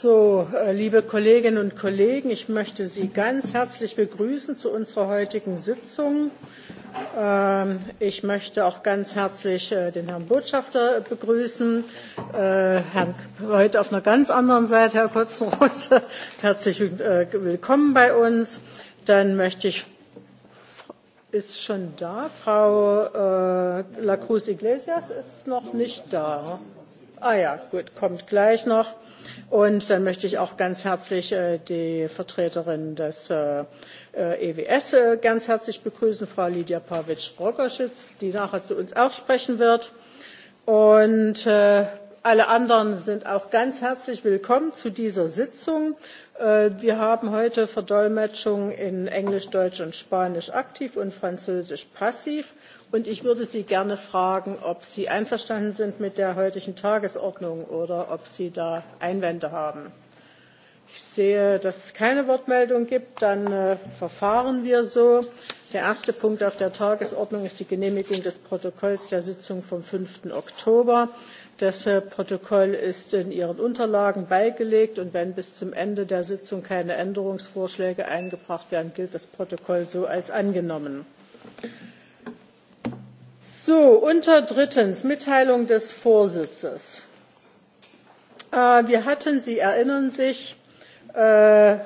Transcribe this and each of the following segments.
So, liebe Kolleginnen und Kollegen, ich möchte Sie ganz herzlich begrüßen zu unserer heutigen Sitzung. Ich möchte auch ganz herzlich den Herrn Botschafter begrüßen, Herrn heute auf einer ganz anderen Seite, Herr Kotzenroth. Herzlich willkommen bei uns. Dann möchte ich ist schon da. Frau Lacruz La Cruz Iglesias ist noch nicht da. Ah ja, gut, kommt gleich noch. Und dann möchte ich auch ganz herzlich die Vertreterin des EWS ganz herzlich begrüßen, Frau Lydia pavic rockerschütz die nachher zu uns auch sprechen wird. Und alle anderen sind auch ganz herzlich willkommen zu dieser Sitzung. Wir haben heute Verdolmetschung in Englisch, Deutsch und Spanisch aktiv und Französisch passiv. Und ich würde Sie gerne fragen, ob Sie einverstanden sind mit der heutigen Tagesordnung oder ob Sie da Einwände haben. Ich sehe, dass es keine Wortmeldung gibt. Dann verfahren wir so. Der erste Punkt auf der Tagesordnung ist die Genehmigung des Protokolls der Sitzung vom 5. Oktober. Das Protokoll ist in Ihren Unterlagen beigelegt und wenn bis zum Ende der Sitzung keine Änderungsvorschläge eingebracht werden, gilt das Protokoll so als angenommen. So, unter drittens Mitteilung des Vorsitzes. wir hatten, Sie erinnern sich, bei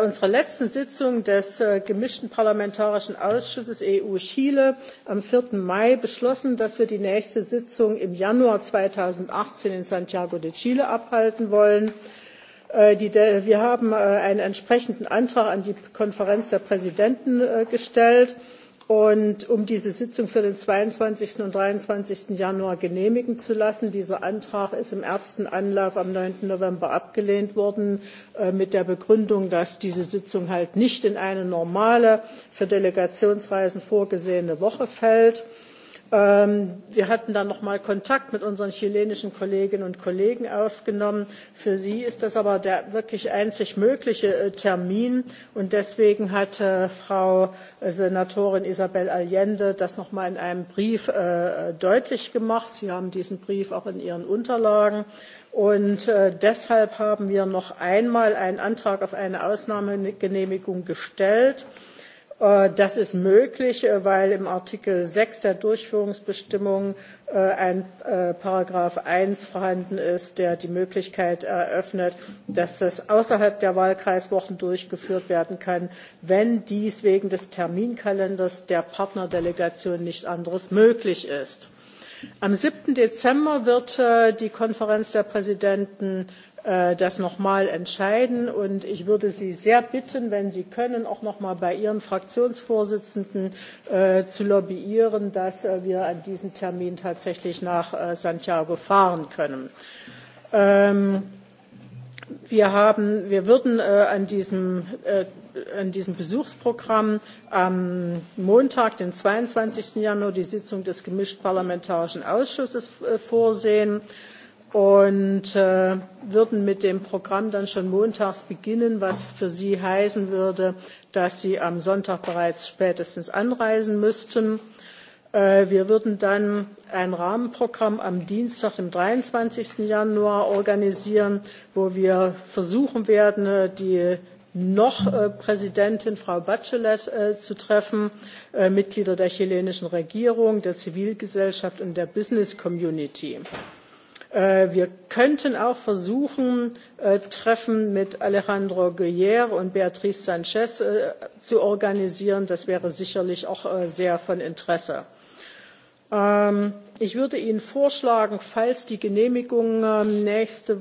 unserer letzten Sitzung des gemischten parlamentarischen Ausschusses EU-Chile am 4. Mai beschlossen, dass wir die nächste Sitzung im Januar 2018 in Santiago de Chile abhalten wollen. wir haben einen entsprechenden Antrag an die Konferenz der Präsidenten gestellt und um diese Sitzung für den zweiundzwanzig und dreiundzwanzig. Januar genehmigen zu lassen. Dieser Antrag ist im ersten Anlauf am neun November abgelehnt worden mit der Begründung, dass diese Sitzung halt nicht in eine normale für Delegationsreisen vorgesehene Woche fällt wir hatten dann noch mal Kontakt mit unseren chilenischen Kolleginnen und Kollegen aufgenommen. Für sie ist das aber der wirklich einzig mögliche Termin. Und deswegen hat Frau Senatorin Isabel Allende das noch mal in einem Brief deutlich gemacht. Sie haben diesen Brief auch in Ihren Unterlagen. Und deshalb haben wir noch einmal einen Antrag auf eine Ausnahmegenehmigung gestellt. Das ist möglich, weil im Artikel sechs der Durchführungsbestimmung ein Paragraph eins vorhanden ist, der die Möglichkeit eröffnet, dass das außerhalb der Wahlkreiswochen durchgeführt werden kann, wenn dies wegen des Terminkalenders der Partnerdelegation nicht anderes möglich ist. Am 7. Dezember wird die Konferenz der Präsidenten das nochmal entscheiden. Und ich würde Sie sehr bitten, wenn Sie können, auch nochmal bei Ihren Fraktionsvorsitzenden zu lobbyieren, dass wir an diesem Termin tatsächlich nach Santiago fahren können. wir, haben, wir würden an diesem diesem Besuchsprogramm am Montag, den 22. Januar, die Sitzung des gemischt parlamentarischen Ausschusses vorsehen und äh, würden mit dem Programm dann schon montags beginnen, was für Sie heißen würde, dass Sie am Sonntag bereits spätestens anreisen müssten. Wir würden dann ein Rahmenprogramm am Dienstag, dem 23. Januar organisieren, wo wir versuchen werden, die noch Präsidentin Frau Bachelet zu treffen, Mitglieder der chilenischen Regierung, der Zivilgesellschaft und der Business Community. Wir könnten auch versuchen, Treffen mit Alejandro Guerre und Beatriz Sanchez zu organisieren. Das wäre sicherlich auch sehr von Interesse. Ich würde Ihnen vorschlagen, falls die Genehmigung nächste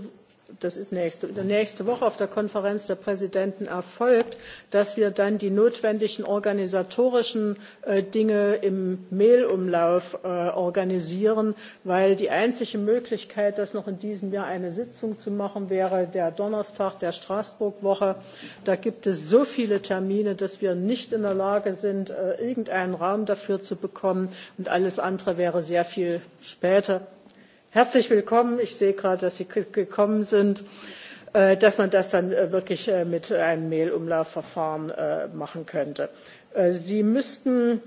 das ist nächste, nächste Woche auf der Konferenz der Präsidenten erfolgt, dass wir dann die notwendigen organisatorischen Dinge im Mailumlauf organisieren, weil die einzige Möglichkeit, das noch in diesem Jahr eine Sitzung zu machen, wäre der Donnerstag der Straßburg-Woche. Da gibt es so viele Termine, dass wir nicht in der Lage sind, irgendeinen Raum dafür zu bekommen. Und alles andere wäre sehr viel später herzlich willkommen. Ich sehe gerade, dass Sie gekommen sind, dass man das dann wirklich mit einem Mehlumlaufverfahren machen könnte. Sie müssten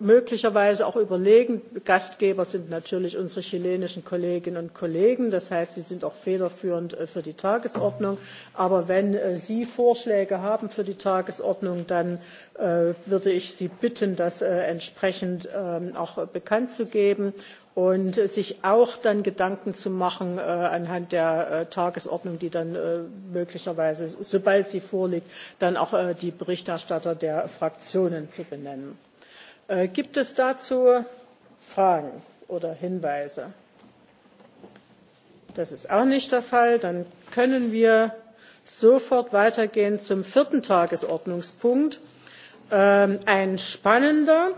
möglicherweise auch überlegen, Gastgeber sind natürlich unsere chilenischen Kolleginnen und Kollegen, das heißt, sie sind auch federführend für die Tagesordnung. Aber wenn Sie Vorschläge haben für die Tagesordnung, dann würde ich Sie bitten, das entsprechend auch bekannt zu geben und sich auch dann Gedanken zu machen anhand der Tagesordnung, die dann möglicherweise, sobald sie vorliegt, dann auch die Berichterstatter der Fraktionen zu benennen. gibt es dazu Fragen oder Hinweise? Das ist auch nicht der Fall. Dann können wir sofort weitergehen zum vierten Tagesordnungspunkt. ein spannender.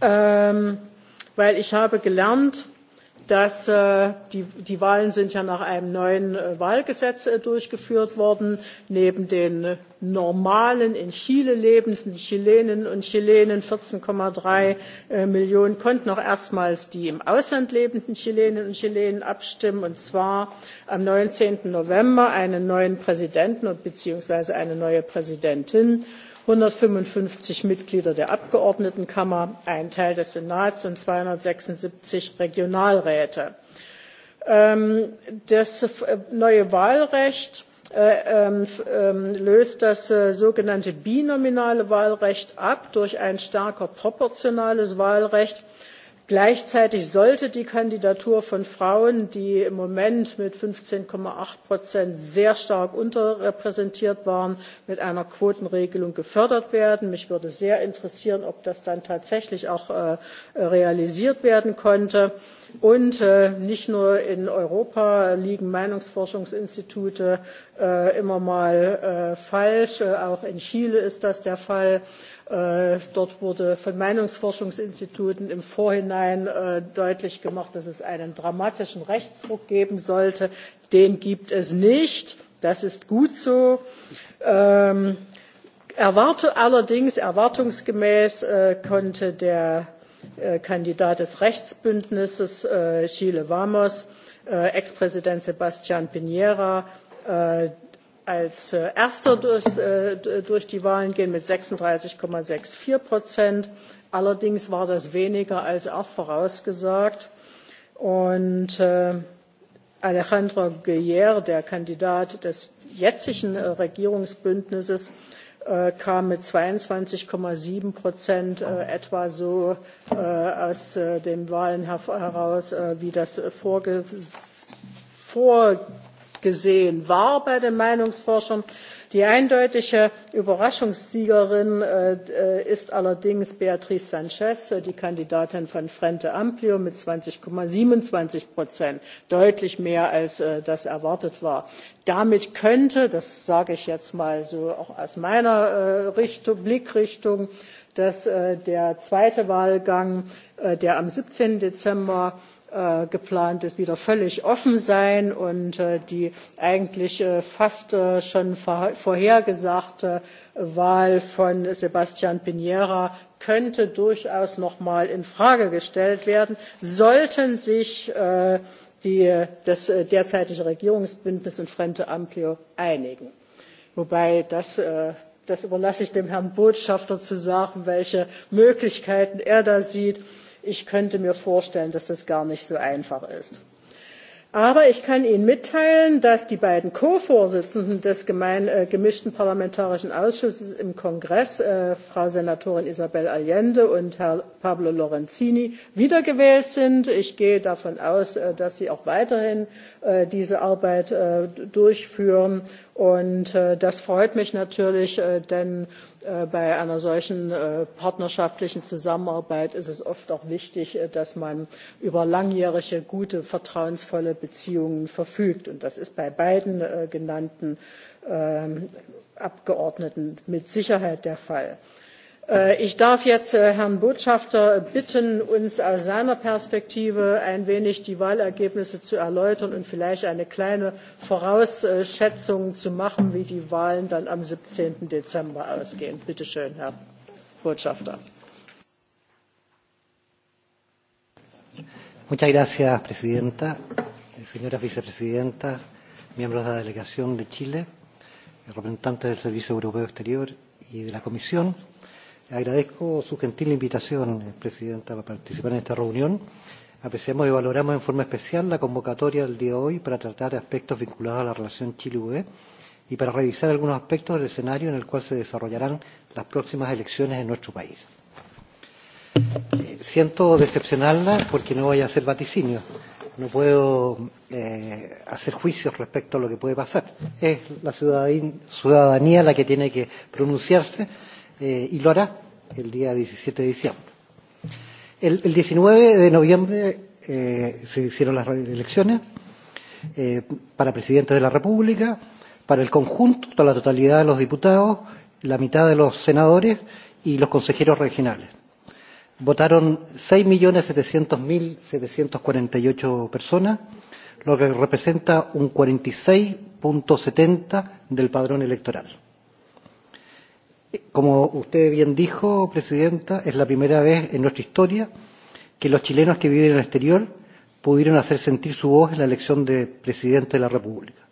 Ähm, weil ich habe gelernt, dass die, Wahlen sind ja nach einem neuen Wahlgesetz durchgeführt worden. Neben den normalen in Chile lebenden Chilenen und Chilenen 14,3 Millionen konnten auch erstmals die im Ausland lebenden Chilenen und Chilenen abstimmen und zwar am 19. November einen neuen Präsidenten beziehungsweise eine neue Präsidentin einhundertfünfundfünfzig mitglieder der abgeordnetenkammer ein teil des senats und zweihundertsechsundsiebzig regionalräte. das neue wahlrecht löst das sogenannte binominale wahlrecht ab durch ein stärker proportionales wahlrecht Gleichzeitig sollte die Kandidatur von Frauen, die im Moment mit 15,8 Prozent sehr stark unterrepräsentiert waren, mit einer Quotenregelung gefördert werden. Mich würde sehr interessieren, ob das dann tatsächlich auch realisiert werden konnte. Und nicht nur in Europa liegen Meinungsforschungsinstitute immer mal falsch. Auch in Chile ist das der Fall Dort wurde von Meinungsforschungsinstituten im Vorhinein deutlich gemacht, dass es einen dramatischen Rechtsruck geben sollte. Den gibt es nicht. Das ist gut so. allerdings erwartungsgemäß konnte der Kandidat des Rechtsbündnisses Chile Vamos, Ex-Präsident Sebastian Piñera, als Erster durch, die Wahlen gehen mit 36,64 Prozent. Allerdings war das weniger als auch vorausgesagt. Und Alejandro Guerre, der Kandidat des jetzigen Regierungsbündnisses, kam mit 22,7 Prozent etwa so aus den Wahlen heraus, wie das vorgesehen gesehen war bei den Meinungsforschern. Die eindeutige Überraschungssiegerin ist allerdings Beatriz Sanchez, die Kandidatin von Frente Amplio mit 20,27 Prozent, deutlich mehr als das erwartet war. Damit könnte, das sage ich jetzt mal so auch aus meiner Blickrichtung, dass der zweite Wahlgang, der am siebzehn Dezember geplant ist, wieder völlig offen sein und die eigentlich fast schon vorhergesagte Wahl von Sebastian Piniera könnte durchaus noch mal in Frage gestellt werden, sollten sich das derzeitige Regierungsbündnis und Frente Amplio einigen. Wobei das das überlasse ich dem Herrn Botschafter zu sagen, welche Möglichkeiten er da sieht. Ich könnte mir vorstellen, dass das gar nicht so einfach ist. Aber ich kann Ihnen mitteilen, dass die beiden Co-Vorsitzenden des gemischten parlamentarischen Ausschusses im Kongress, Frau Senatorin Isabel Allende und Herr Pablo Lorenzini, wiedergewählt sind. Ich gehe davon aus, dass sie auch weiterhin diese Arbeit durchführen Und das freut mich natürlich, denn bei einer solchen partnerschaftlichen Zusammenarbeit ist es oft auch wichtig, dass man über langjährige, gute, vertrauensvolle Beziehungen verfügt. Und das ist bei beiden genannten Abgeordneten mit Sicherheit der Fall. Ich darf jetzt Herrn Botschafter bitten, uns aus seiner Perspektive ein wenig die Wahlergebnisse zu erläutern und vielleicht eine kleine Vorausschätzung zu machen, wie die Wahlen dann am siebzehn Dezember ausgehen. Bitte schön, Herr Botschafter. Presidenta, señora Vicepresidenta, miembros de la Delegación de Chile, representantes del Servicio Europeo Exterior y de la Comisión. Agradezco su gentil invitación, Presidenta, para participar en esta reunión. Apreciamos y valoramos en forma especial la convocatoria del día de hoy para tratar aspectos vinculados a la relación Chile-UE y para revisar algunos aspectos del escenario en el cual se desarrollarán las próximas elecciones en nuestro país. Eh, siento decepcionarla porque no voy a hacer vaticinios, no puedo eh, hacer juicios respecto a lo que puede pasar. Es la ciudadanía la que tiene que pronunciarse eh, y lo hará el día 17 de diciembre. El, el 19 de noviembre eh, se hicieron las elecciones eh, para Presidente de la República, para el conjunto, para la totalidad de los diputados, la mitad de los senadores y los consejeros regionales. Votaron 6.700.748 personas, lo que representa un 46.70 del padrón electoral Como usted bien dijo, Presidenta, es la primera vez en nuestra historia que los chilenos que viven en el exterior pudieron hacer sentir su voz en la elección de presidente de la República.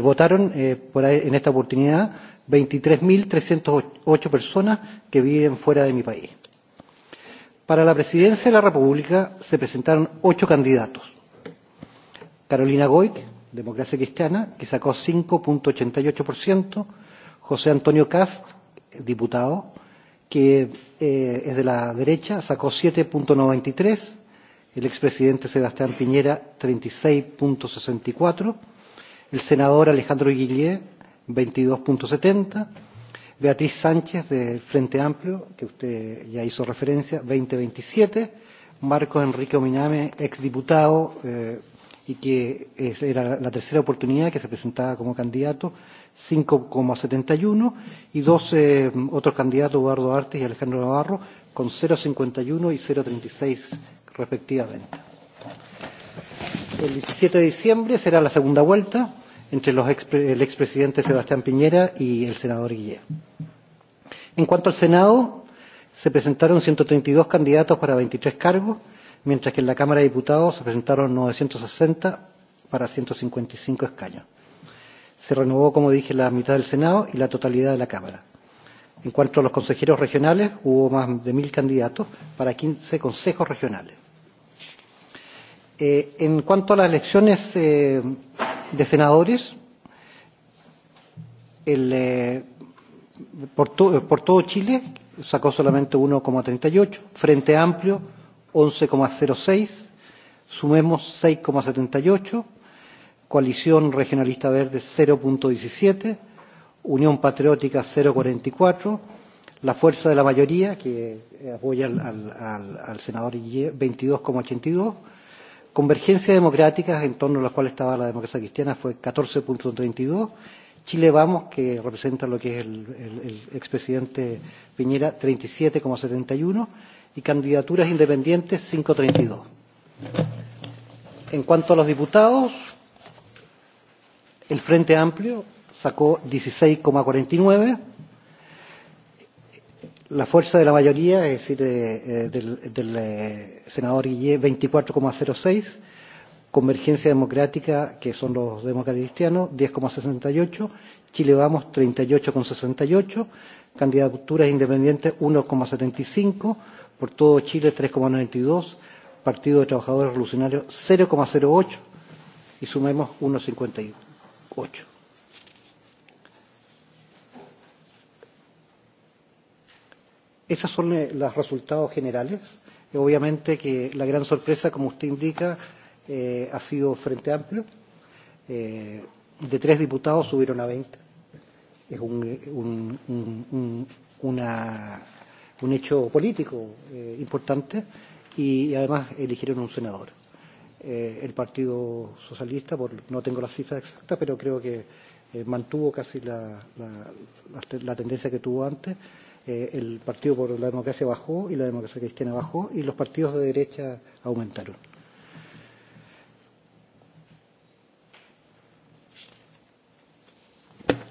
Votaron en esta oportunidad 23.308 personas que viven fuera de mi país. Para la presidencia de la República se presentaron ocho candidatos. Carolina Goic, Democracia Cristiana, que sacó 5.88%, José Antonio Cast, diputado, que eh, es de la derecha, sacó 7.93, el expresidente Sebastián Piñera 36.64, el senador Alejandro Guillier 22.70, Beatriz Sánchez del Frente Amplio, que usted ya hizo referencia, 20.27, Marco Enrique Ominame, exdiputado, eh, y que era la tercera oportunidad que se presentaba como candidato, 5,71, y dos eh, otros candidatos, Eduardo Artes y Alejandro Navarro, con 0,51 y 0,36 respectivamente. El 17 de diciembre será la segunda vuelta entre los ex, el expresidente Sebastián Piñera y el senador Guillén. En cuanto al Senado, se presentaron 132 candidatos para 23 cargos, mientras que en la Cámara de Diputados se presentaron 960 para 155 escaños. Se renovó, como dije, la mitad del Senado y la totalidad de la Cámara. En cuanto a los consejeros regionales, hubo más de mil candidatos para 15 consejos regionales. Eh, en cuanto a las elecciones eh, de senadores, el, eh, por, to, por todo Chile sacó solamente 1,38, Frente Amplio 11,06, sumemos 6,78, Coalición Regionalista Verde 0.17, Unión Patriótica 0.44, la fuerza de la mayoría, que apoya al, al, al, al senador 22,82, Convergencia Democrática, en torno a la cual estaba la democracia cristiana, fue 14.32, Chile Vamos, que representa lo que es el, el, el expresidente Piñera, y candidaturas independientes 532. En cuanto a los diputados, el Frente Amplio sacó 16,49. La fuerza de la mayoría, es decir, de, del, del senador Guillé, 24,06. Convergencia Democrática, que son los demócratas cristianos, 10,68. Chile Vamos, 38,68. Candidaturas independientes, por todo Chile 3,92, Partido de Trabajadores Revolucionarios 0,08 y sumemos 1,58. Esos son los resultados generales. obviamente que la gran sorpresa, como usted indica, eh, ha sido Frente Amplio. Eh, de tres diputados subieron a 20. Es un, un, un, una un hecho político eh, importante y además eligieron un senador. Eh, el Partido Socialista, por, no tengo las cifras exactas, pero creo que eh, mantuvo casi la, la, la tendencia que tuvo antes. Eh, el Partido por la Democracia bajó y la Democracia Cristiana bajó y los partidos de derecha aumentaron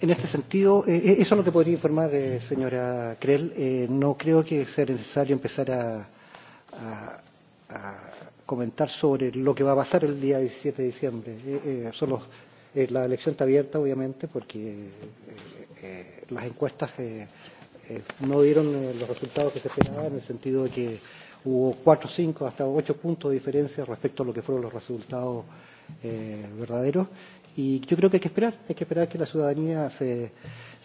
En este sentido, eh, eso es lo que podría informar, eh, señora Krell. Eh, no creo que sea necesario empezar a, a, a comentar sobre lo que va a pasar el día 17 de diciembre. Eh, eh, solo, eh, la elección está abierta, obviamente, porque eh, eh, las encuestas eh, eh, no dieron eh, los resultados que se esperaban, en el sentido de que hubo cuatro, cinco, hasta ocho puntos de diferencia respecto a lo que fueron los resultados eh, verdaderos Y yo creo que hay que esperar, hay que esperar que la ciudadanía se,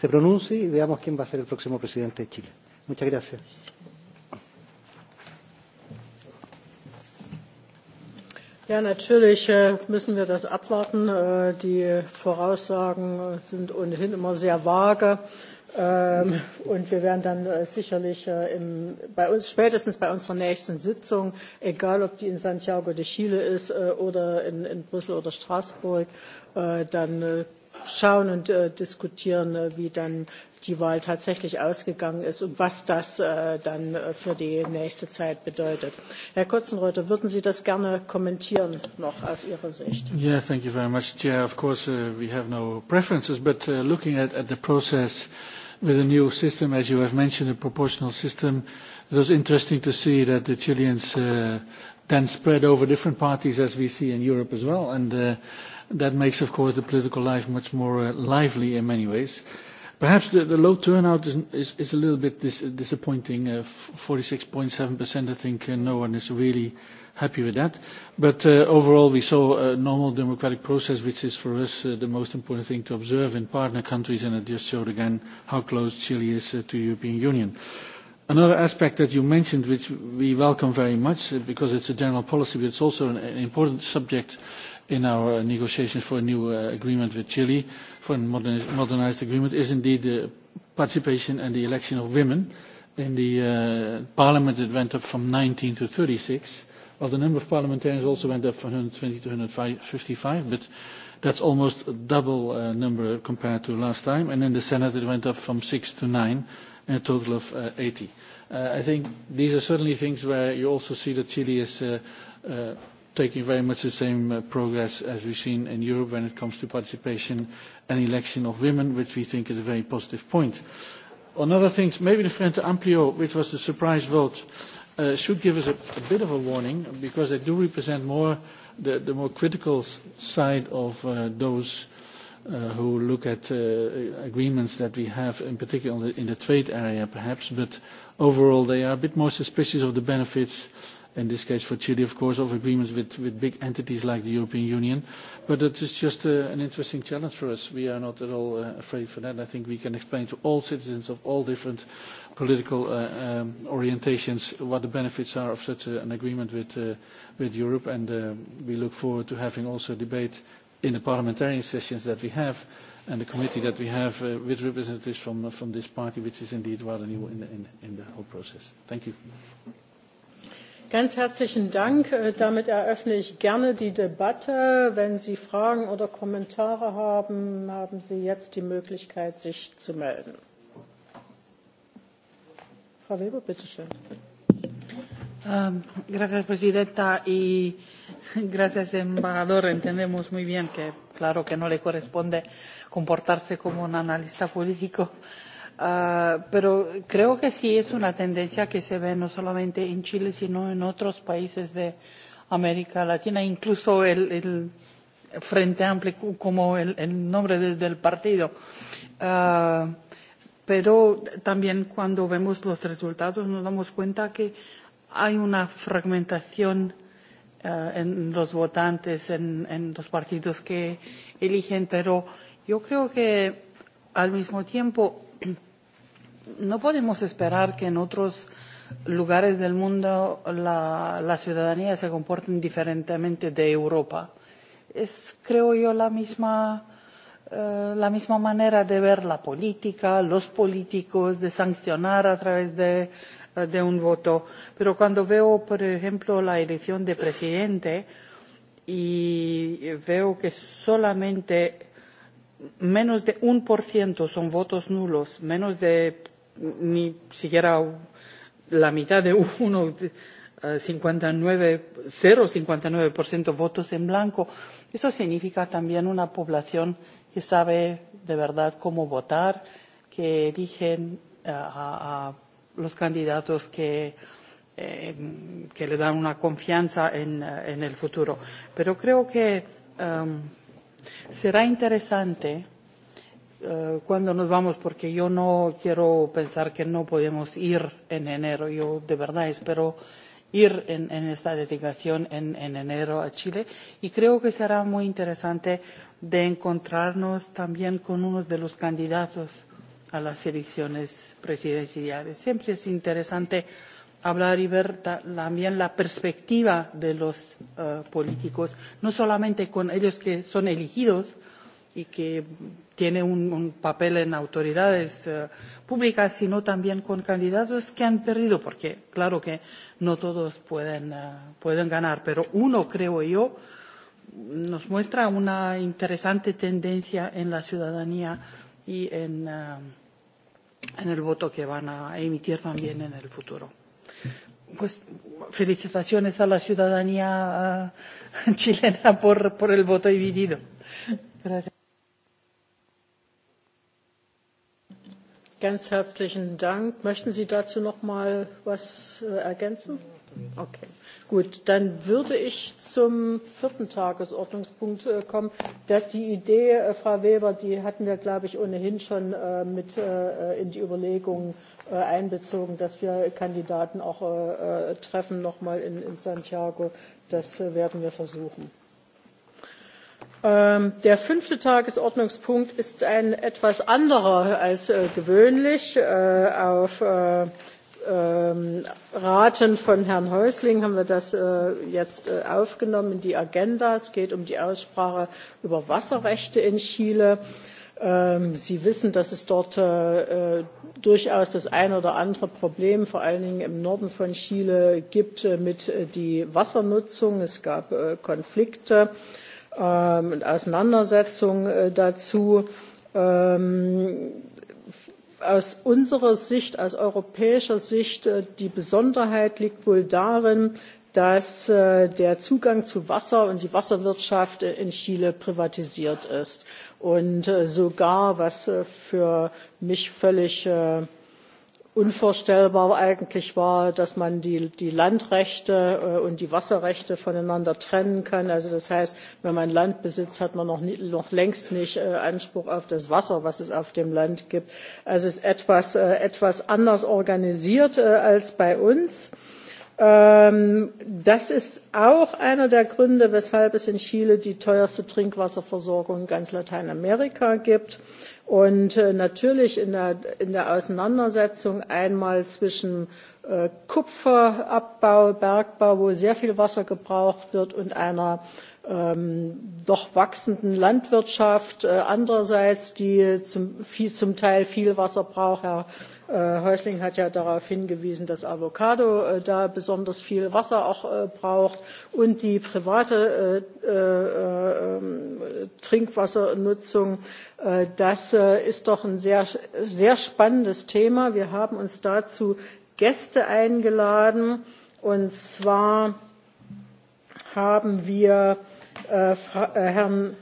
se pronuncie y veamos quién va a ser el próximo presidente de Chile. Muchas gracias. Ja, natürlich müssen wir das abwarten. Die Voraussagen sind ohnehin immer sehr vage. Und wir werden dann sicherlich im, bei uns, spätestens bei unserer nächsten Sitzung, egal ob die in Santiago de Chile ist oder in, in Brüssel oder Straßburg, dann schauen und diskutieren, wie dann die Wahl tatsächlich ausgegangen ist und was das dann für die nächste Zeit bedeutet. Herr Kotzenreuther, würden Sie das gerne kommentieren noch aus Ihrer Sicht? Yeah, thank you very much, Chair. Of course, we have no preferences, but looking at, the process with a new system, as you have mentioned, a proportional system. It was interesting to see that the Chileans uh, then spread over different parties, as we see in Europe as well, and uh, that makes, of course, the political life much more uh, lively in many ways. Perhaps the, the low turnout is, is, is a little bit dis- disappointing. Uh, 46.7%, I think, uh, no one is really happy with that. But uh, overall, we saw a normal democratic process, which is for us uh, the most important thing to observe in partner countries, and it just showed again how close Chile is uh, to the European Union. Another aspect that you mentioned, which we welcome very much, uh, because it's a general policy, but it's also an, an important subject in our negotiations for a new uh, agreement with Chile, for a modernized, modernized agreement, is indeed the participation and the election of women in the uh, parliament that went up from 19 to 36 Well, the number of parliamentarians also went up from 120 to 155, but that's almost double uh, number compared to last time. And in the Senate, it went up from six to nine, and a total of uh, 80. Uh, I think these are certainly things where you also see that Chile is uh, uh, taking very much the same uh, progress as we've seen in Europe when it comes to participation and election of women, which we think is a very positive point. On other things, maybe the Frente Amplio, which was the surprise vote, should give us a, a bit of a warning because they do represent more the, the more critical side of uh, those uh, who look at uh, agreements that we have, in particular in the, in the trade area perhaps, but overall they are a bit more suspicious of the benefits in this case for Chile, of course, of agreements with, with big entities like the European Union. But it is just uh, an interesting challenge for us. We are not at all uh, afraid for that. I think we can explain to all citizens of all different political uh, um, orientations what the benefits are of such a, an agreement with, uh, with Europe. And uh, we look forward to having also debate in the parliamentarian sessions that we have and the committee that we have uh, with representatives from, from this party, which is indeed rather new in the, in, in the whole process. Thank you. Ganz herzlichen Dank. Damit eröffne ich gerne die Debatte. Wenn Sie Fragen oder Kommentare haben, haben Sie jetzt die Möglichkeit, sich zu melden. Frau Weber, bitte schön. Gracias, Presidenta, y gracias, embajador. Entendemos muy bien que, claro, que no le corresponde comportarse como un analista político, pero creo que sí es una tendencia que se ve no solamente en Chile, sino en otros países de América Latina, incluso el, el Frente Amplio como el, el nombre de, del partido. Uh, pero también cuando vemos los resultados nos damos cuenta que hay una fragmentación uh, en los votantes, en, en los partidos que eligen, pero yo creo que al mismo tiempo no podemos esperar que en otros lugares del mundo la, la ciudadanía se comporte diferentemente de Europa. Es, creo yo, la misma, eh, la misma manera de ver la política, los políticos, de sancionar a través de, de un voto. Pero cuando veo, por ejemplo, la elección de presidente y veo que solamente menos de un por ciento son votos nulos, menos de ni siquiera la mitad de uno, 59, 0,59% votos en blanco. Eso significa también una población que sabe de verdad cómo votar, que eligen a, a los candidatos que, eh, que le dan una confianza en, en el futuro. Pero creo que um, será interesante cuándo nos vamos, porque yo no quiero pensar que no podemos ir en enero. Yo de verdad espero ir en, en esta delegación en, en enero a Chile y creo que será muy interesante de encontrarnos también con uno de los candidatos a las elecciones presidenciales. Siempre es interesante hablar y ver también la perspectiva de los políticos, no solamente con ellos que son elegidos, y que tiene un, un papel en autoridades eh, públicas, sino también con candidatos que han perdido, porque claro que no todos pueden, eh, pueden ganar, pero uno, creo yo, nos muestra una interesante tendencia en la ciudadanía y en, eh, en el voto que van a emitir también en el futuro pues felicitaciones a la ciudadanía chilena por, por el voto dividido. Gracias. Ganz herzlichen Dank. Möchten Sie dazu noch mal was ergänzen? Okay. Gut, dann würde ich zum vierten Tagesordnungspunkt kommen. Die Idee, Frau Weber, die hatten wir, glaube ich, ohnehin schon mit in die Überlegungen einbezogen, dass wir Kandidaten auch treffen, mal in Santiago. Das werden wir versuchen. Der fünfte Tagesordnungspunkt ist ein etwas anderer als gewöhnlich. Auf Raten von Herrn Häusling haben wir das jetzt aufgenommen in die Agenda. Es geht um die Aussprache über Wasserrechte in Chile. Sie wissen, dass es dort durchaus das eine oder andere Problem, vor allen Dingen im Norden von Chile, gibt mit der Wassernutzung. Es gab Konflikte und Auseinandersetzung dazu. aus unserer Sicht, aus europäischer Sicht, die Besonderheit liegt wohl darin, dass der Zugang zu Wasser und die Wasserwirtschaft in Chile privatisiert ist. Und sogar, was für mich völlig unvorstellbar eigentlich war, dass man die, die Landrechte und die Wasserrechte voneinander trennen kann. Also das heißt, wenn man Land besitzt, hat man noch, nie, noch längst nicht Anspruch auf das Wasser, was es auf dem Land gibt. Also es ist etwas, etwas anders organisiert als bei uns das ist auch einer der Gründe, weshalb es in Chile die teuerste Trinkwasserversorgung in ganz Lateinamerika gibt. Und natürlich in der, Auseinandersetzung einmal zwischen Kupferabbau, Bergbau, wo sehr viel Wasser gebraucht wird, und einer doch wachsenden Landwirtschaft, andererseits die zum, Teil viel Wasser braucht. Herr Häusling hat ja darauf hingewiesen, dass Avocado da besonders viel Wasser auch braucht und die private Trinkwassernutzung. das ist doch ein sehr, sehr spannendes Thema. Wir haben uns dazu Gäste eingeladen und zwar haben wir Herrn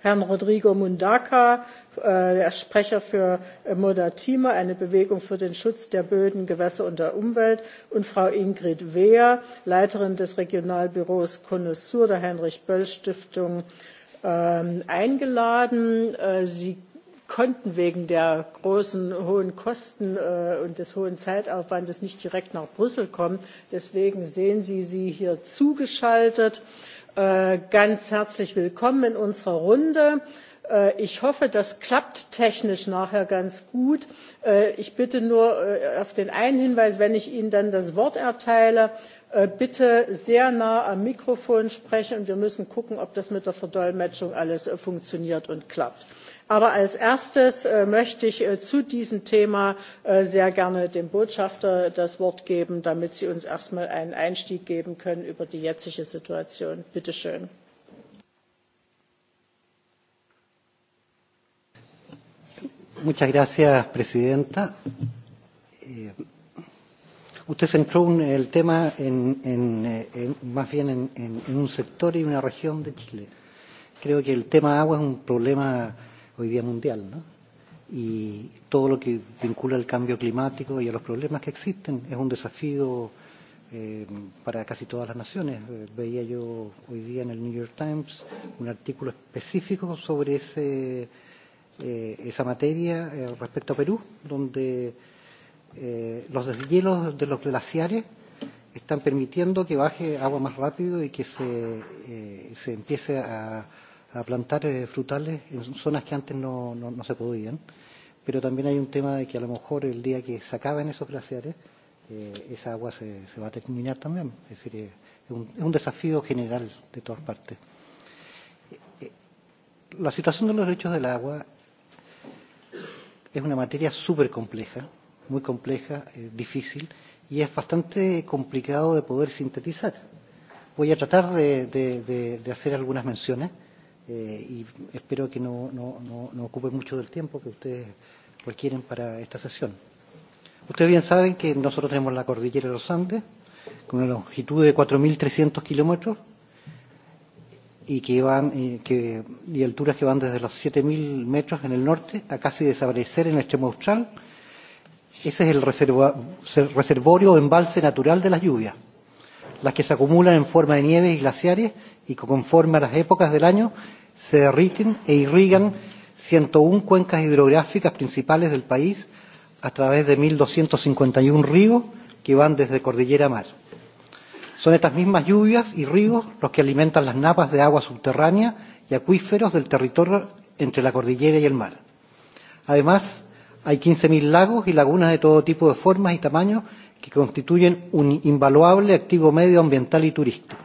Herrn Rodrigo Mundaca, der Sprecher für Modatima, eine Bewegung für den Schutz der Böden, Gewässer und der Umwelt, und Frau Ingrid Wehr, Leiterin des Regionalbüros Connoisseur der Heinrich-Böll-Stiftung, eingeladen. Sie konnten wegen der großen hohen Kosten und des hohen Zeitaufwandes nicht direkt nach Brüssel kommen. Deswegen sehen Sie sie hier zugeschaltet. Ganz herzlich willkommen in unserer Runde. Ich hoffe, das klappt technisch nachher ganz gut. Ich bitte nur auf den einen Hinweis, wenn ich Ihnen dann das Wort erteile, bitte sehr nah am Mikrofon sprechen und wir müssen gucken, ob das mit der Verdolmetschung alles funktioniert und klappt. Aber als erstes möchte ich zu diesem Thema sehr gerne dem Botschafter das Wort geben, damit Sie uns erst einmal einen Einstieg geben können über die jetzige Situation. Bitte schön. Muchas gracias, Presidenta. Eh, usted centró un, el tema en, en, en, más bien en, en, en un sector y una región de Chile. Creo que el tema agua es un problema hoy día mundial, ¿no? Y todo lo que vincula al cambio climático y a los problemas que existen es un desafío eh, para casi todas las naciones. Veía yo hoy día en el New York Times un artículo específico sobre ese, eh, esa materia eh, respecto a Perú, donde eh, los deshielos de los glaciares están permitiendo que baje agua más rápido y que se, eh, se empiece a a plantar eh, frutales en zonas que antes no, no, no se podían. Pero también hay un tema de que a lo mejor el día que se acaben esos glaciares, eh, esa agua se, se va a terminar también. Es decir, eh, es, un, es un desafío general de todas partes. La situación de los derechos del agua es una materia súper compleja, muy compleja, eh, difícil, y es bastante complicado de poder sintetizar. Voy a tratar de, de, de, de hacer algunas menciones eh, y espero que no, no, no, no ocupe mucho del tiempo que ustedes requieren para esta sesión. Ustedes bien saben que nosotros tenemos la cordillera de los Andes, con una longitud de 4.300 kilómetros y que van y, que, y alturas que van desde los 7.000 metros en el norte a casi desaparecer en el extremo austral. Ese es el, reserva, el reservorio o embalse natural de las lluvias, las que se acumulan en forma de nieves y glaciares y que conforme a las épocas del año se derriten e irrigan 101 cuencas hidrográficas principales del país a través de 1.251 ríos que van desde cordillera a mar. Son estas mismas lluvias y ríos los que alimentan las napas de agua subterránea y acuíferos del territorio entre la cordillera y el mar. Además, hay 15.000 lagos y lagunas de todo tipo de formas y tamaños que constituyen un invaluable activo medioambiental y turístico.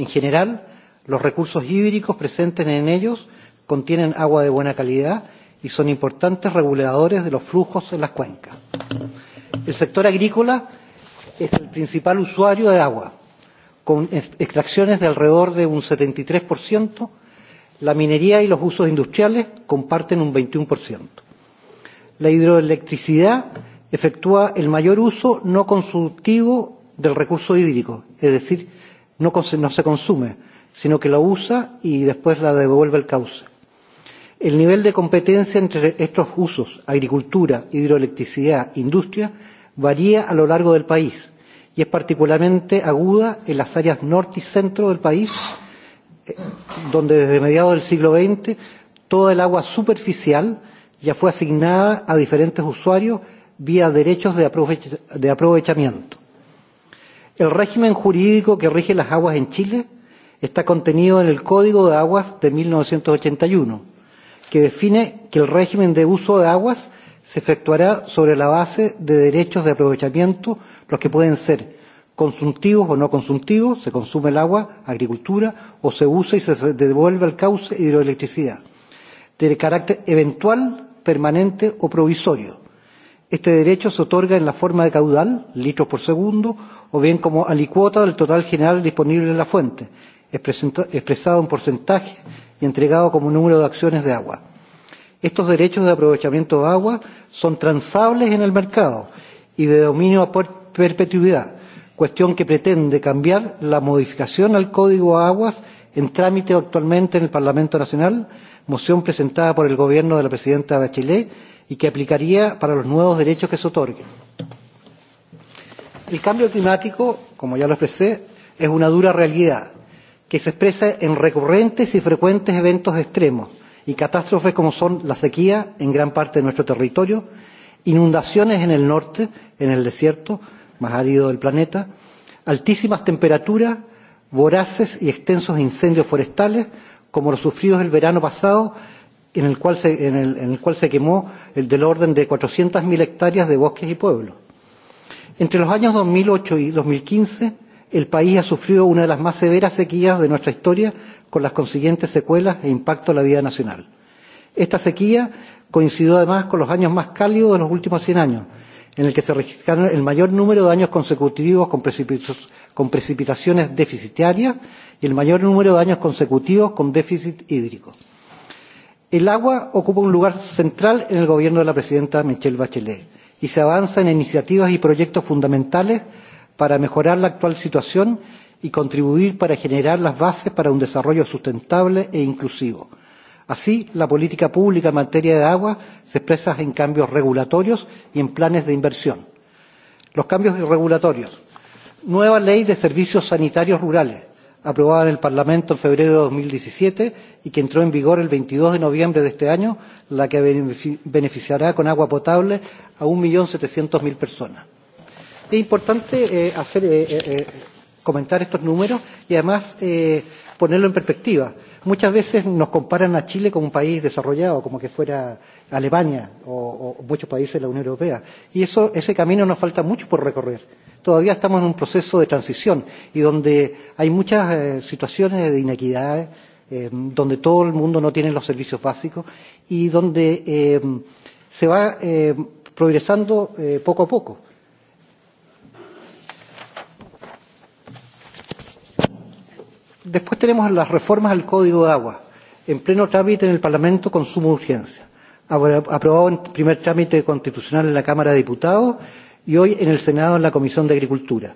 En general, los recursos hídricos presentes en ellos contienen agua de buena calidad y son importantes reguladores de los flujos en las cuencas. El sector agrícola es el principal usuario de agua, con extracciones de alrededor de un 73%, la minería y los usos industriales comparten un 21%. La hidroelectricidad efectúa el mayor uso no consultivo del recurso hídrico, es decir, no, no se consume, sino que la usa y después la devuelve al cauce. El nivel de competencia entre estos usos, agricultura, hidroelectricidad, industria, varía a lo largo del país y es particularmente aguda en las áreas norte y centro del país, donde desde mediados del siglo XX toda el agua superficial ya fue asignada a diferentes usuarios vía derechos de, aprovechamiento. El régimen jurídico que rige las aguas en Chile está contenido en el Código de Aguas de 1981, que define que el régimen de uso de aguas se efectuará sobre la base de derechos de aprovechamiento, los que pueden ser consuntivos o no consuntivos, se consume el agua, agricultura, o se usa y se devuelve al cauce hidroelectricidad, de carácter eventual, permanente o provisorio, Este derecho se otorga en la forma de caudal, litros por segundo, o bien como alicuota del total general disponible en la fuente, expresado en porcentaje y entregado como número de acciones de agua. Estos derechos de aprovechamiento de agua son transables en el mercado y de dominio a perpetuidad, cuestión que pretende cambiar la modificación al Código de Aguas en trámite actualmente en el Parlamento Nacional, moción presentada por el gobierno de la presidenta Bachelet y que aplicaría para los nuevos derechos que se otorguen. El cambio climático, como ya lo expresé, es una dura realidad que se expresa en recurrentes y frecuentes eventos extremos y catástrofes como son la sequía en gran parte de nuestro territorio, inundaciones en el norte, en el desierto, más árido del planeta, altísimas temperaturas, voraces y extensos incendios forestales, como los sufridos el verano pasado, en el cual se, en el, en el cual se quemó el del orden de 400.000 hectáreas de bosques y pueblos. Entre los años 2008 y 2015, el país ha sufrido una de las más severas sequías de nuestra historia, con las consiguientes secuelas e impacto en la vida nacional. Esta sequía coincidió además con los años más cálidos de los últimos 100 años, en el que se registraron el mayor número de años consecutivos con, con precipitaciones deficitarias y el mayor número de años consecutivos con déficit hídrico. El agua ocupa un lugar central en el gobierno de la presidenta Michelle Bachelet y se avanza en iniciativas y proyectos fundamentales para mejorar la actual situación y contribuir para generar las bases para un desarrollo sustentable e inclusivo Así, la política pública en materia de agua se expresa en cambios regulatorios y en planes de inversión. Los cambios regulatorios. Nueva ley de servicios sanitarios rurales, aprobada en el Parlamento en febrero de 2017 y que entró en vigor el 22 de noviembre de este año, la que beneficiará con agua potable a 1.700.000 personas. Es importante eh, hacer, eh, eh, comentar estos números y además eh, ponerlo en perspectiva. Muchas veces nos comparan a Chile como un país desarrollado, como que fuera Alemania o, o muchos países de la Unión Europea. Y eso, ese camino nos falta mucho por recorrer. Todavía estamos en un proceso de transición y donde hay muchas eh, situaciones de inequidades, eh, donde todo el mundo no tiene los servicios básicos y donde eh, se va eh, progresando eh, poco a poco Después tenemos las reformas al Código de Agua, en pleno trámite en el Parlamento con suma urgencia, aprobado en primer trámite constitucional en la Cámara de Diputados y hoy en el Senado en la Comisión de Agricultura.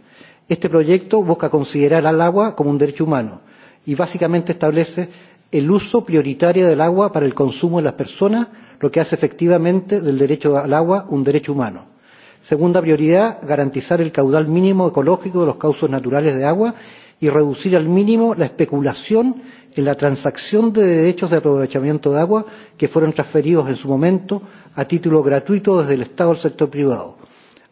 Este proyecto busca considerar al agua como un derecho humano y básicamente establece el uso prioritario del agua para el consumo de las personas, lo que hace efectivamente del derecho al agua un derecho humano. Segunda prioridad, garantizar el caudal mínimo ecológico de los causos naturales de agua y reducir al mínimo la especulación en la transacción de derechos de aprovechamiento de agua que fueron transferidos en su momento a título gratuito desde el Estado al sector privado.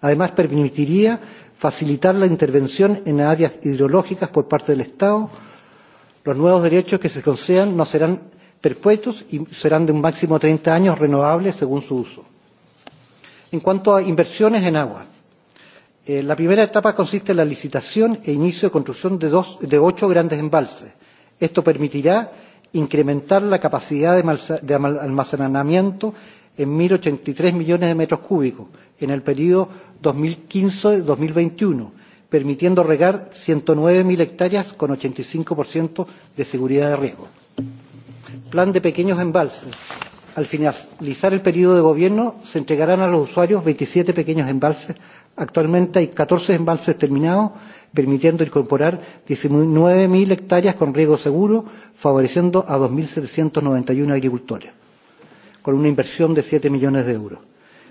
Además, permitiría facilitar la intervención en áreas hidrológicas por parte del Estado. Los nuevos derechos que se concedan no serán perpetuos y serán de un máximo de 30 años renovables según su uso. En cuanto a inversiones en agua, Eh, la primera etapa consiste en la licitación e inicio de construcción de, dos, de ocho grandes embalses. Esto permitirá incrementar la capacidad de, de almacenamiento en 1.083 millones de metros cúbicos en el periodo 2015-2021, permitiendo regar 109.000 hectáreas con 85% de seguridad de riego. Plan de pequeños embalses. Al finalizar el periodo de gobierno, se entregarán a los usuarios 27 pequeños embalses Actualmente hay 14 embalses terminados, permitiendo incorporar 19.000 hectáreas con riego seguro, favoreciendo a 2.791 agricultores, con una inversión de 7 millones de euros.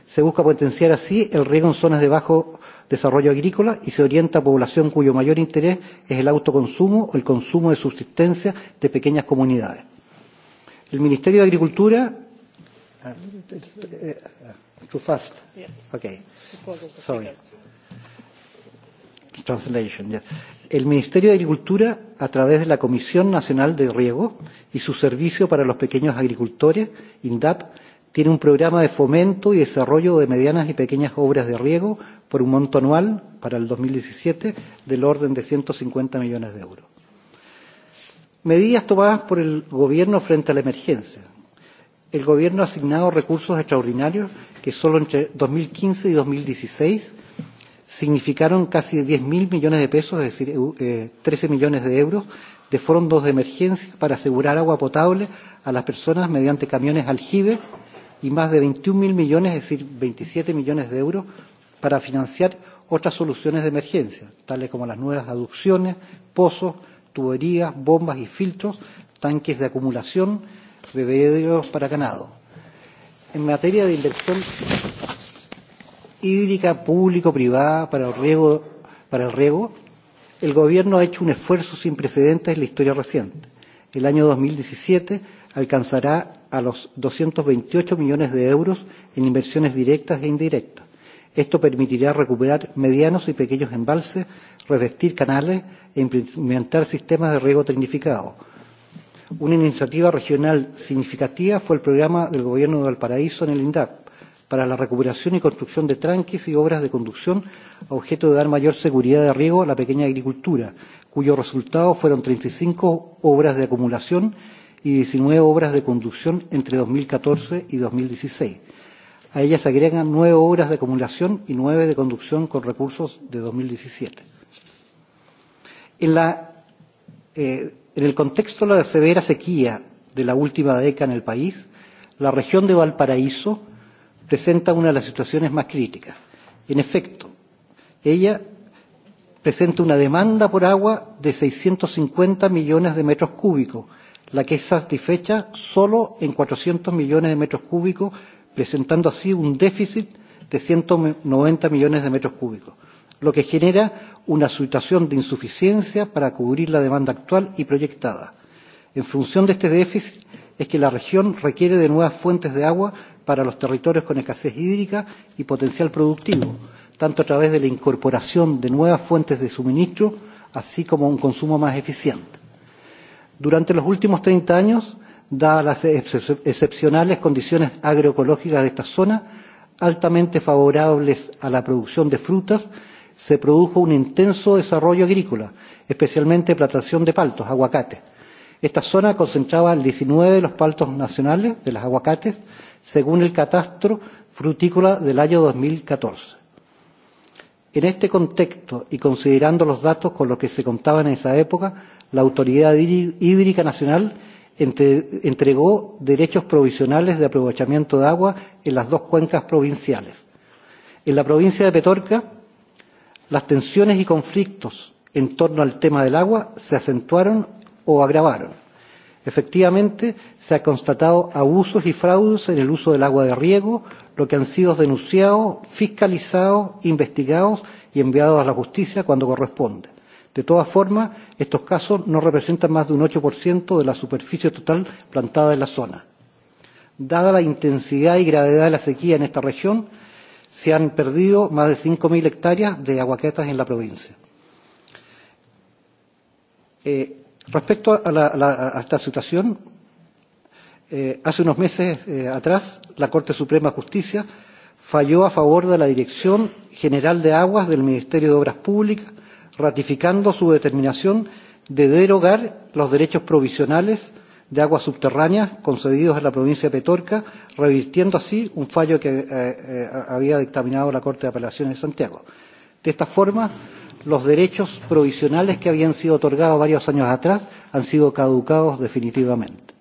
Se busca potenciar así el riego en zonas de bajo desarrollo agrícola y se orienta a población cuyo mayor interés es el autoconsumo o el consumo de subsistencia de pequeñas comunidades. El Ministerio de Agricultura. Too fast. Yes. Okay. Sorry. Translation, yes. El Ministerio de Agricultura, a través de la Comisión Nacional de Riego y su Servicio para los Pequeños Agricultores, INDAP, tiene un programa de fomento y desarrollo de medianas y pequeñas obras de riego por un monto anual para el 2017 del orden de 150 millones de euros. Medidas tomadas por el Gobierno frente a la emergencia el Gobierno ha asignado recursos extraordinarios que solo entre dos mil quince y dos mil significaron casi diez millones de pesos, es decir, trece millones de euros de fondos de emergencia para asegurar agua potable a las personas mediante camiones aljibe y más de veintiuno millones, es decir, veintisiete millones de euros para financiar otras soluciones de emergencia, tales como las nuevas aducciones, pozos, tuberías, bombas y filtros, tanques de acumulación, bebederos para ganado. En materia de inversión hídrica público-privada para el riego, para el riego, el gobierno ha hecho un esfuerzo sin precedentes en la historia reciente. El año 2017 alcanzará a los 228 millones de euros en inversiones directas e indirectas. Esto permitirá recuperar medianos y pequeños embalses, revestir canales e implementar sistemas de riego tecnificados Una iniciativa regional significativa fue el programa del Gobierno de Valparaíso en el INDAP para la recuperación y construcción de tranques y obras de conducción a objeto de dar mayor seguridad de riego a la pequeña agricultura, cuyos resultados fueron 35 obras de acumulación y 19 obras de conducción entre 2014 y 2016. A ellas se agregan nueve obras de acumulación y nueve de conducción con recursos de 2017. En la eh, En el contexto de la severa sequía de la última década en el país, la región de Valparaíso presenta una de las situaciones más críticas. En efecto, ella presenta una demanda por agua de 650 millones de metros cúbicos, la que es satisfecha solo en 400 millones de metros cúbicos, presentando así un déficit de 190 millones de metros cúbicos lo que genera una situación de insuficiencia para cubrir la demanda actual y proyectada. En función de este déficit es que la región requiere de nuevas fuentes de agua para los territorios con escasez hídrica y potencial productivo, tanto a través de la incorporación de nuevas fuentes de suministro, así como un consumo más eficiente. Durante los últimos 30 años, dadas las excepcionales condiciones agroecológicas de esta zona, altamente favorables a la producción de frutas, se produjo un intenso desarrollo agrícola, especialmente plantación de paltos, aguacate. Esta zona concentraba el 19 de los paltos nacionales de los aguacates, según el catastro frutícola del año 2014. En este contexto y considerando los datos con los que se contaban en esa época, la Autoridad Hídrica Nacional entregó derechos provisionales de aprovechamiento de agua en las dos cuencas provinciales. En la provincia de Petorca, Las tensiones y conflictos en torno al tema del agua se acentuaron o agravaron. Efectivamente, se han constatado abusos y fraudes en el uso del agua de riego, lo que han sido denunciados, fiscalizados, investigados y enviados a la justicia cuando corresponde. De todas formas, estos casos no representan más de un 8% de la superficie total plantada en la zona. Dada la intensidad y gravedad de la sequía en esta región, se han perdido más de 5.000 hectáreas de aguaquetas en la provincia. Eh, respecto a, la, la, a esta situación, eh, hace unos meses eh, atrás la Corte Suprema de Justicia falló a favor de la Dirección General de Aguas del Ministerio de Obras Públicas, ratificando su determinación de derogar los derechos provisionales de aguas subterráneas concedidos en la provincia de Petorca, revirtiendo así un fallo que eh, eh, había dictaminado la Corte de Apelaciones de Santiago. De esta forma, los derechos provisionales que habían sido otorgados varios años atrás han sido caducados definitivamente.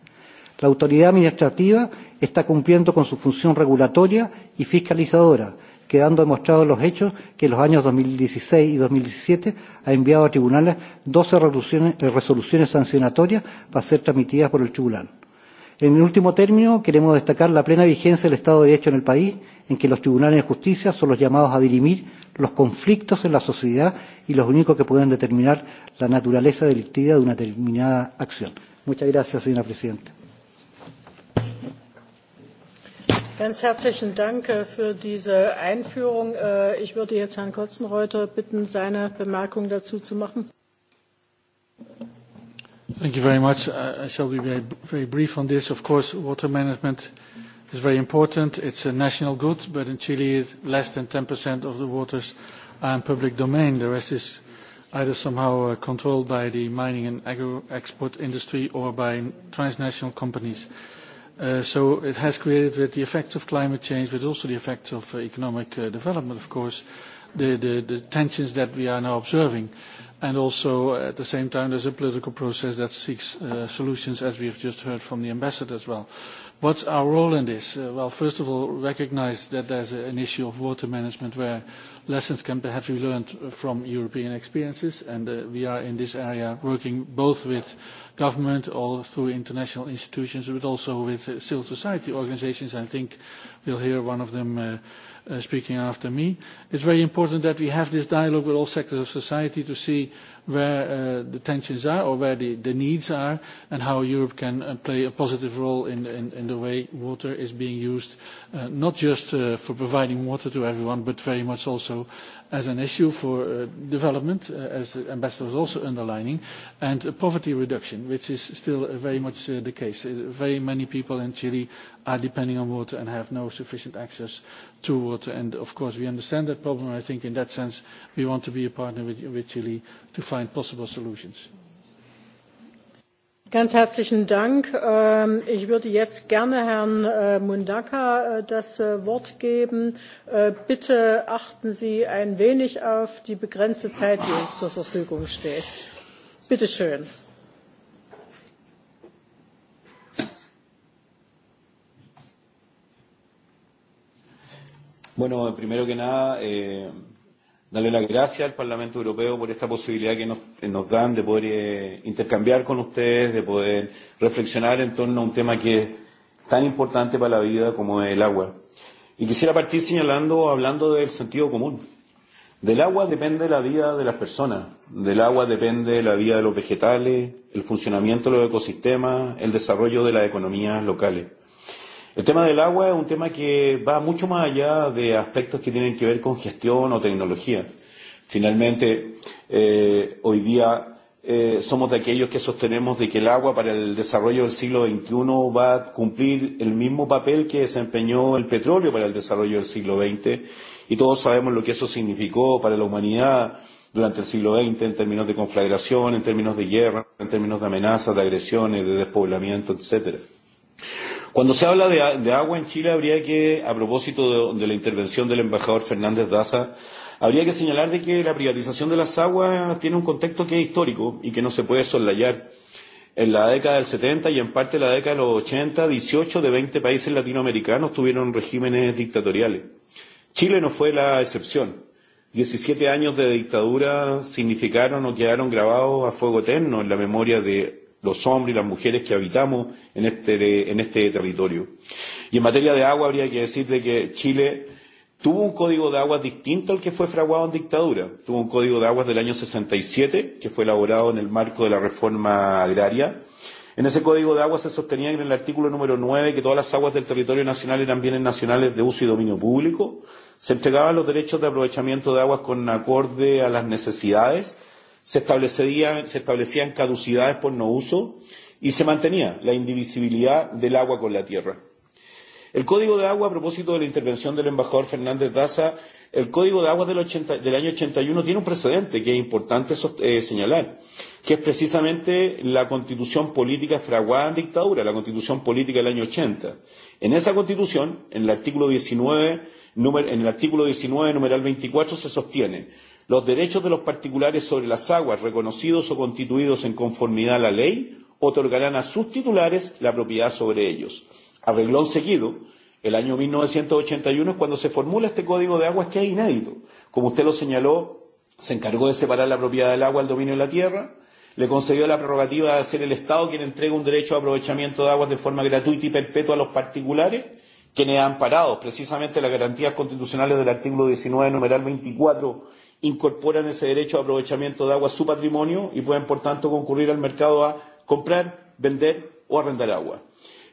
La autoridad administrativa está cumpliendo con su función regulatoria y fiscalizadora quedando demostrados los hechos que en los años dos mil dieciseis y dos mil diecisiete ha enviado a tribunales doce resoluciones sancionatorias para ser transmitidas por el tribunal. en último término queremos destacar la plena vigencia del estado de derecho en el país en que los tribunales de justicia son los llamados a dirimir los conflictos en la sociedad y los únicos que pueden determinar la naturaleza delictiva de una determinada acción. muchas gracias señora presidenta. Ganz herzlichen Dank für diese Einführung. Ich würde jetzt Herrn Kotzenreuther bitten, seine Bemerkung dazu zu machen. Thank you very much. I shall be very, very brief on this. Of course, water management is very important. It's a national good, but in Chile, less than 10% of the waters are in public domain. The rest is either somehow controlled by the mining and agro-export industry or by transnational companies so it has created with the effects of climate change, but also the effects of economic development, of course, the, the, the tensions that we are now observing. And also, at the same time, there's a political process that seeks solutions, as we have just heard from the ambassador as well. What's our role in this? well, first of all, recognize that there's an issue of water management where lessons can perhaps be learned from European experiences, and we are in this area working both with government or through international institutions, but also with civil society organizations. I think we'll hear one of them uh, uh, speaking after me. It's very important that we have this dialogue with all sectors of society to see where uh, the tensions are or where the, the needs are and how Europe can uh, play a positive role in, in, in the way water is being used, uh, not just uh, for providing water to everyone, but very much also as an issue for development, as the ambassador was also underlining, and poverty reduction, which is still very much the case. Very many people in Chile are depending on water and have no sufficient access to water. And of course, we understand that problem. I think in that sense, we want to be a partner with Chile to find possible solutions. Ganz herzlichen Dank. Ich würde jetzt gerne Herrn Mundaka das Wort geben. Bitte achten Sie ein wenig auf die begrenzte Zeit, die uns zur Verfügung steht. Bitte schön. Bueno, primero que nada, eh, darle las gracias al Parlamento Europeo por esta posibilidad que nos, nos dan de poder eh, intercambiar con ustedes, de poder reflexionar en torno a un tema que es tan importante para la vida como es el agua. Y quisiera partir señalando, hablando del sentido común. Del agua depende la vida de las personas, del agua depende la vida de los vegetales, el funcionamiento de los ecosistemas, el desarrollo de las economías locales. El tema del agua es un tema que va mucho más allá de aspectos que tienen que ver con gestión o tecnología. Finalmente, eh, hoy día eh, somos de aquellos que sostenemos de que el agua para el desarrollo del siglo XXI va a cumplir el mismo papel que desempeñó el petróleo para el desarrollo del siglo XX y todos sabemos lo que eso significó para la humanidad durante el siglo XX en términos de conflagración, en términos de guerra, en términos de amenazas, de agresiones, de despoblamiento, etcétera. Cuando se habla de, de agua en Chile, habría que, a propósito de, de la intervención del embajador Fernández Daza, habría que señalar de que la privatización de las aguas tiene un contexto que es histórico y que no se puede soslayar. En la década del 70 y en parte de la década de los 80, 18 de 20 países latinoamericanos tuvieron regímenes dictatoriales. Chile no fue la excepción. 17 años de dictadura significaron o quedaron grabados a fuego eterno en la memoria de los hombres y las mujeres que habitamos en este, en este territorio. Y en materia de agua habría que decir de que Chile tuvo un código de aguas distinto al que fue fraguado en dictadura. Tuvo un código de aguas del año 67 que fue elaborado en el marco de la reforma agraria. En ese código de aguas se sostenía en el artículo número 9 que todas las aguas del territorio nacional eran bienes nacionales de uso y dominio público. Se entregaban los derechos de aprovechamiento de aguas con acorde a las necesidades se establecían, se establecían caducidades por no uso y se mantenía la indivisibilidad del agua con la tierra. El Código de Agua, a propósito de la intervención del embajador Fernández Daza, el Código de Agua del, 80, del año 81 tiene un precedente que es importante eh, señalar, que es precisamente la constitución política fraguada en dictadura, la constitución política del año 80. En esa constitución, en el artículo 19, número, en el artículo 19 numeral 24, se sostiene los derechos de los particulares sobre las aguas reconocidos o constituidos en conformidad a la ley otorgarán a sus titulares la propiedad sobre ellos. Arreglón seguido, el año 1981 es cuando se formula este Código de Aguas que es inédito. Como usted lo señaló, se encargó de separar la propiedad del agua del dominio de la tierra, le concedió la prerrogativa de ser el Estado quien entrega un derecho de aprovechamiento de aguas de forma gratuita y perpetua a los particulares, quienes han parado precisamente las garantías constitucionales del artículo 19, numeral 24 incorporan ese derecho de aprovechamiento de agua a su patrimonio y pueden, por tanto, concurrir al mercado a comprar, vender o arrendar agua.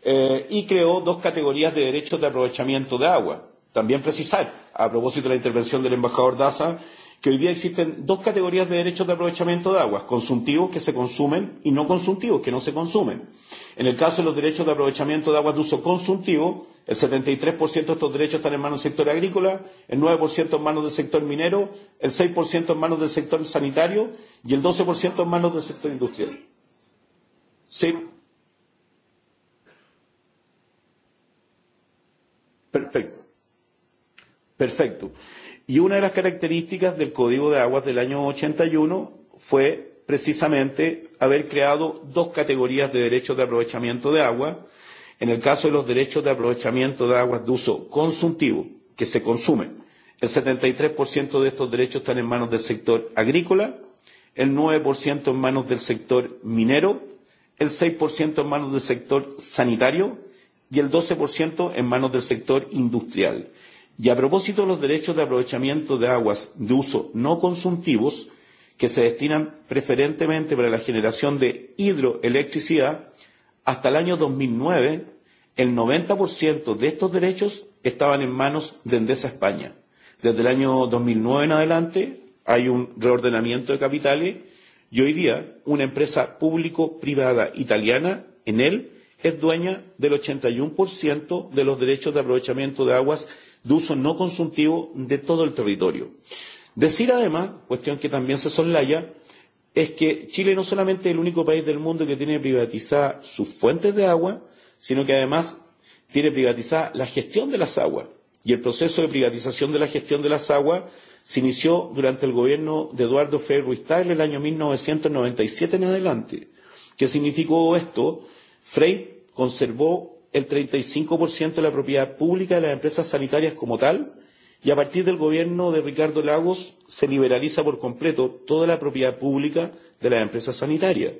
Eh, y creó dos categorías de derechos de aprovechamiento de agua. También precisar, a propósito de la intervención del embajador Daza, que hoy día existen dos categorías de derechos de aprovechamiento de aguas, consumtivos que se consumen y no consumtivos que no se consumen. En el caso de los derechos de aprovechamiento de aguas de uso consumtivo, el 73% de estos derechos están en manos del sector agrícola, el 9% en manos del sector minero, el 6% en manos del sector sanitario y el 12% en manos del sector industrial. Sí. Perfecto. Perfecto. Y una de las características del Código de Aguas del año 81 fue precisamente haber creado dos categorías de derechos de aprovechamiento de agua. En el caso de los derechos de aprovechamiento de aguas de uso consultivo, que se consume el 73% de estos derechos están en manos del sector agrícola, el 9% en manos del sector minero, el 6% en manos del sector sanitario y el 12% en manos del sector industrial. Y a propósito de los derechos de aprovechamiento de aguas de uso no consumtivos, que se destinan preferentemente para la generación de hidroelectricidad, hasta el año 2009 el 90% de estos derechos estaban en manos de Endesa España. Desde el año 2009 en adelante hay un reordenamiento de capitales y hoy día una empresa público-privada italiana, en él es dueña del 81% de los derechos de aprovechamiento de aguas de uso no consultivo de todo el territorio. Decir además, cuestión que también se soslaya, es que Chile no solamente es el único país del mundo que tiene privatizadas sus fuentes de agua, sino que además tiene privatizada la gestión de las aguas. Y el proceso de privatización de la gestión de las aguas se inició durante el gobierno de Eduardo Frei Ruiz Tagle el año 1997 en adelante. ¿Qué significó esto? Frei conservó el 35% de la propiedad pública de las empresas sanitarias como tal, y a partir del gobierno de Ricardo Lagos se liberaliza por completo toda la propiedad pública de las empresas sanitarias.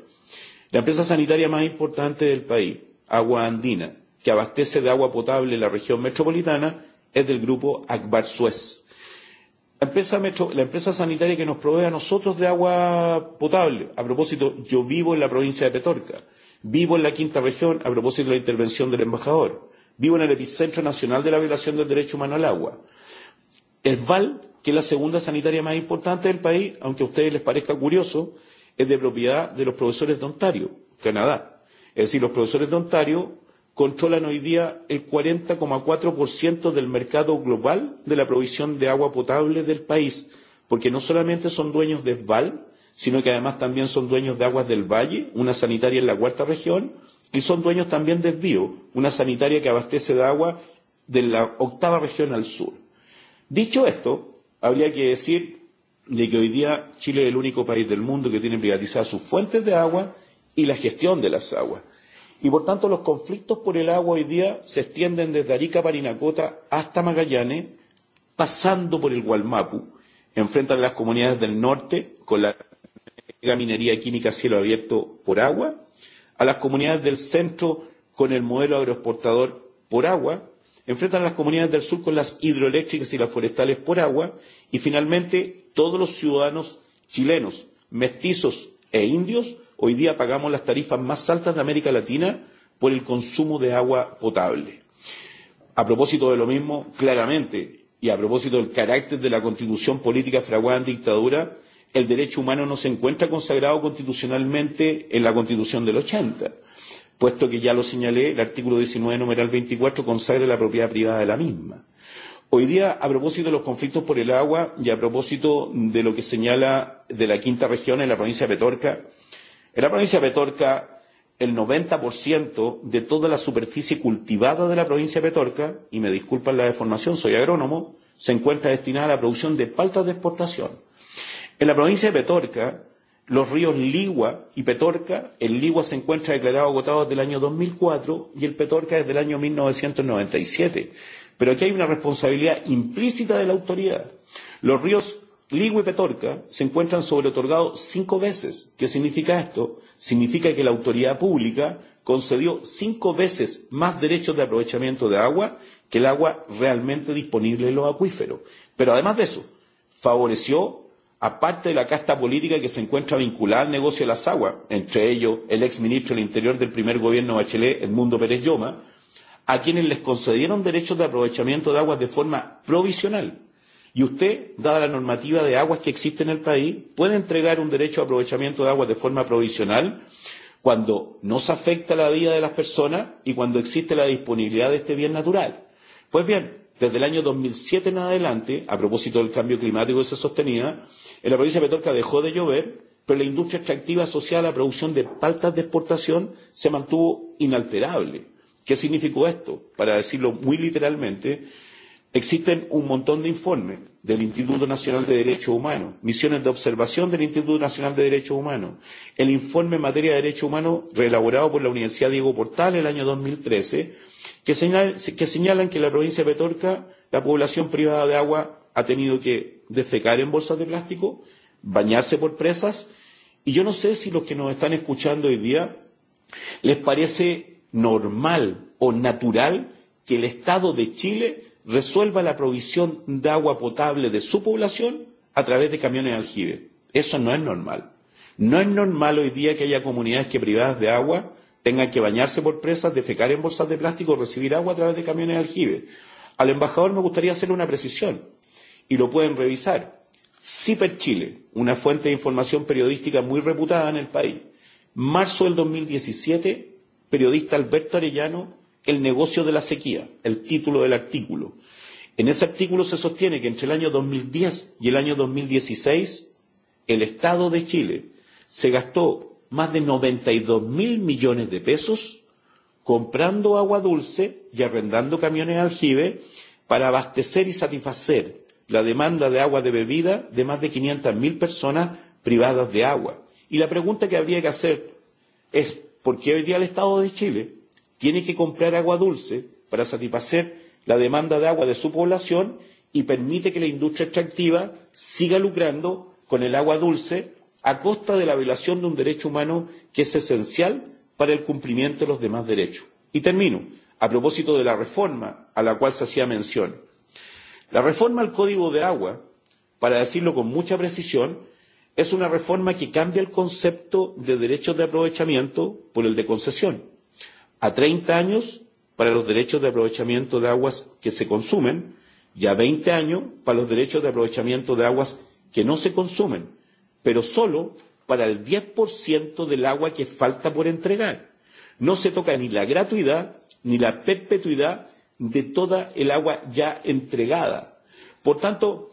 La empresa sanitaria más importante del país, Agua Andina, que abastece de agua potable la región metropolitana, es del grupo Akbar Suez. La empresa, metro, la empresa sanitaria que nos provee a nosotros de agua potable, a propósito, yo vivo en la provincia de Petorca, Vivo en la quinta región, a propósito de la intervención del embajador. Vivo en el epicentro nacional de la violación del derecho humano al agua. Esval, que es la segunda sanitaria más importante del país, aunque a ustedes les parezca curioso, es de propiedad de los profesores de Ontario, Canadá. Es decir, los profesores de Ontario controlan hoy día el 40,4% del mercado global de la provisión de agua potable del país, porque no solamente son dueños de Val, sino que además también son dueños de Aguas del Valle, una sanitaria en la cuarta región, y son dueños también de Bio, una sanitaria que abastece de agua de la octava región al sur. Dicho esto, habría que decir de que hoy día Chile es el único país del mundo que tiene privatizadas sus fuentes de agua y la gestión de las aguas. Y por tanto los conflictos por el agua hoy día se extienden desde Arica, Parinacota hasta Magallanes, pasando por el Gualmapu, enfrentan las comunidades del norte con la la minería química a cielo abierto por agua, a las comunidades del centro con el modelo agroexportador por agua, enfrentan a las comunidades del sur con las hidroeléctricas y las forestales por agua, y finalmente todos los ciudadanos chilenos, mestizos e indios, hoy día pagamos las tarifas más altas de América Latina por el consumo de agua potable. A propósito de lo mismo, claramente, y a propósito del carácter de la constitución política fraguada en dictadura, el derecho humano no se encuentra consagrado constitucionalmente en la Constitución del 80, puesto que ya lo señalé, el artículo 19, numeral 24, consagra la propiedad privada de la misma. Hoy día, a propósito de los conflictos por el agua y a propósito de lo que señala de la quinta región en la provincia de Petorca, en la provincia de Petorca el 90% de toda la superficie cultivada de la provincia de Petorca, y me disculpan la deformación, soy agrónomo, se encuentra destinada a la producción de paltas de exportación En la provincia de Petorca, los ríos Ligua y Petorca, el Ligua se encuentra declarado agotado desde el año 2004 y el Petorca desde el año 1997. Pero aquí hay una responsabilidad implícita de la autoridad. Los ríos Ligua y Petorca se encuentran sobreotorgados cinco veces. ¿Qué significa esto? Significa que la autoridad pública concedió cinco veces más derechos de aprovechamiento de agua que el agua realmente disponible en los acuíferos. Pero además de eso, favoreció aparte de la casta política que se encuentra vinculada al negocio de las aguas, entre ellos el ex ministro del Interior del primer gobierno Bachelet, Edmundo Pérez Lloma, a quienes les concedieron derechos de aprovechamiento de aguas de forma provisional. Y usted, dada la normativa de aguas que existe en el país, puede entregar un derecho de aprovechamiento de aguas de forma provisional cuando no se afecta la vida de las personas y cuando existe la disponibilidad de este bien natural. Pues bien, Desde el año 2007 en adelante, a propósito del cambio climático que se sostenía, en la provincia de Petorca dejó de llover, pero la industria extractiva asociada a la producción de paltas de exportación se mantuvo inalterable. ¿Qué significó esto? Para decirlo muy literalmente, Existen un montón de informes del Instituto Nacional de Derechos Humanos, misiones de observación del Instituto Nacional de Derechos Humanos, el informe en materia de derechos humanos reelaborado por la Universidad Diego Portal en el año 2013, que, señal, que señalan que en la provincia de Petorca la población privada de agua ha tenido que defecar en bolsas de plástico, bañarse por presas, y yo no sé si los que nos están escuchando hoy día les parece normal o natural que el Estado de Chile resuelva la provisión de agua potable de su población a través de camiones de aljibe. Eso no es normal. No es normal hoy día que haya comunidades que privadas de agua tengan que bañarse por presas, defecar en bolsas de plástico, recibir agua a través de camiones de aljibe. Al embajador me gustaría hacerle una precisión y lo pueden revisar. CIPER Chile, una fuente de información periodística muy reputada en el país. Marzo del 2017, periodista Alberto Arellano el negocio de la sequía, el título del artículo. En ese artículo se sostiene que entre el año 2010 y el año 2016, el Estado de Chile se gastó más de 92 mil millones de pesos comprando agua dulce y arrendando camiones aljibe para abastecer y satisfacer la demanda de agua de bebida de más de mil personas privadas de agua. Y la pregunta que habría que hacer es, ¿por qué hoy día el Estado de Chile tiene que comprar agua dulce para satisfacer la demanda de agua de su población y permite que la industria extractiva siga lucrando con el agua dulce a costa de la violación de un derecho humano que es esencial para el cumplimiento de los demás derechos. Y termino a propósito de la reforma a la cual se hacía mención. La reforma al Código de Agua, para decirlo con mucha precisión, es una reforma que cambia el concepto de derechos de aprovechamiento por el de concesión a 30 años para los derechos de aprovechamiento de aguas que se consumen y a 20 años para los derechos de aprovechamiento de aguas que no se consumen, pero solo para el 10% del agua que falta por entregar. No se toca ni la gratuidad ni la perpetuidad de toda el agua ya entregada. Por tanto,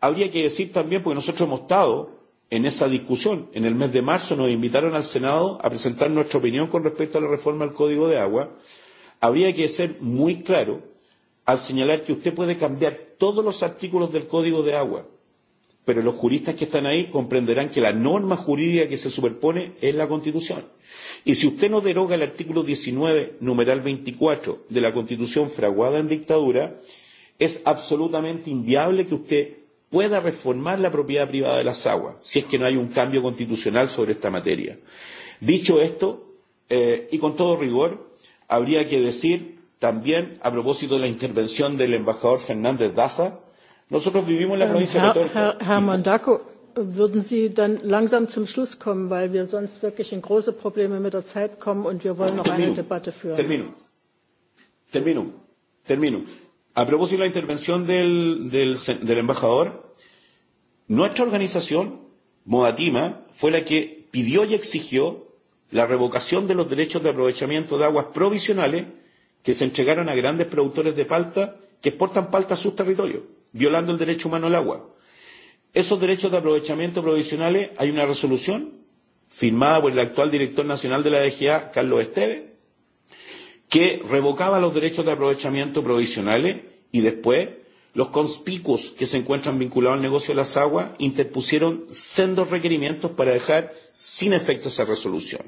habría que decir también, porque nosotros hemos estado en esa discusión. En el mes de marzo nos invitaron al Senado a presentar nuestra opinión con respecto a la reforma del Código de Agua. Habría que ser muy claro al señalar que usted puede cambiar todos los artículos del Código de Agua, pero los juristas que están ahí comprenderán que la norma jurídica que se superpone es la Constitución. Y si usted no deroga el artículo 19, numeral 24 de la Constitución fraguada en dictadura, es absolutamente inviable que usted pueda reformar la propiedad privada de las aguas, si es que no hay un cambio constitucional sobre esta materia. Dicho esto, eh, y con todo rigor, habría que decir también, a propósito de la intervención del embajador Fernández Daza, nosotros vivimos en la provincia de Torca. Herr Mandaco, würden Sie dann langsam zum Schluss kommen, weil wir sonst wirklich in große Probleme mit der Zeit kommen und wir wollen noch eine Debatte führen. Termino. Termino. Termino. A propósito de la intervención del, del, del embajador, nuestra organización, Modatima, fue la que pidió y exigió la revocación de los derechos de aprovechamiento de aguas provisionales que se entregaron a grandes productores de palta que exportan palta a sus territorios, violando el derecho humano al agua. Esos derechos de aprovechamiento provisionales hay una resolución firmada por el actual director nacional de la DGA, Carlos Esteves, que revocaba los derechos de aprovechamiento provisionales y después los conspicuos que se encuentran vinculados al negocio de las aguas interpusieron sendos requerimientos para dejar sin efecto esa resolución.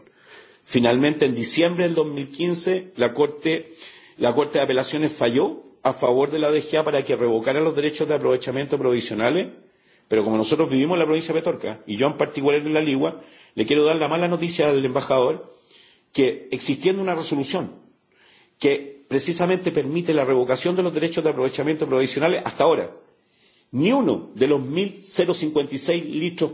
Finalmente, en diciembre del 2015, la Corte, la Corte de Apelaciones falló a favor de la DGA para que revocara los derechos de aprovechamiento provisionales, pero como nosotros vivimos en la provincia de Petorca, y yo en particular en la Ligua, le quiero dar la mala noticia al embajador que existiendo una resolución que precisamente permite la revocación de los derechos de aprovechamiento provisionales hasta ahora. Ni uno de los 1.056 litros,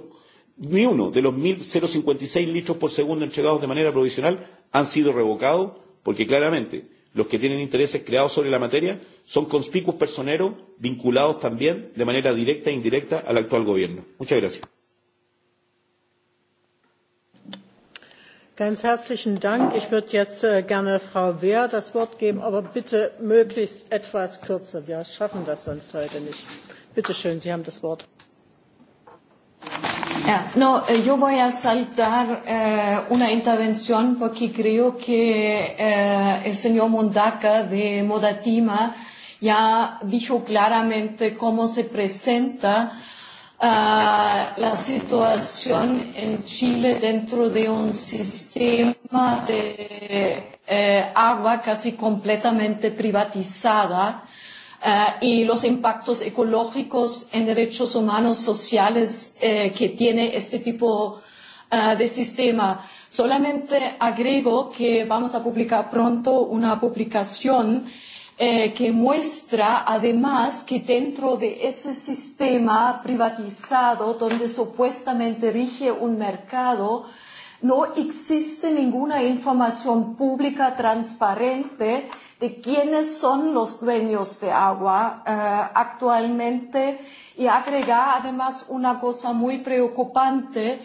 ni uno de los 1.056 litros por segundo entregados de manera provisional han sido revocados porque claramente los que tienen intereses creados sobre la materia son conspicuos personeros vinculados también de manera directa e indirecta al actual gobierno. Muchas gracias. Ganz herzlichen Dank. Ich würde jetzt gerne Frau Wehr das Wort geben, aber bitte möglichst etwas kürzer. Wir schaffen das sonst heute nicht. Bitte schön, Sie haben das Wort. No, yo voy a saltar eh, una intervención porque creo que eh, el señor Mondaca de Modatima ya dijo claramente cómo se presenta eh, la situación en Chile dentro de un sistema de eh, agua casi completamente privatizada eh, y los impactos ecológicos en derechos humanos sociales eh, que tiene este tipo eh, de sistema. Solamente agrego que vamos a publicar pronto una publicación eh, eh, que muestra además que dentro de ese sistema privatizado donde supuestamente rige un mercado, no existe ninguna información pública transparente de quiénes son los dueños de agua eh, actualmente y agrega además una cosa muy preocupante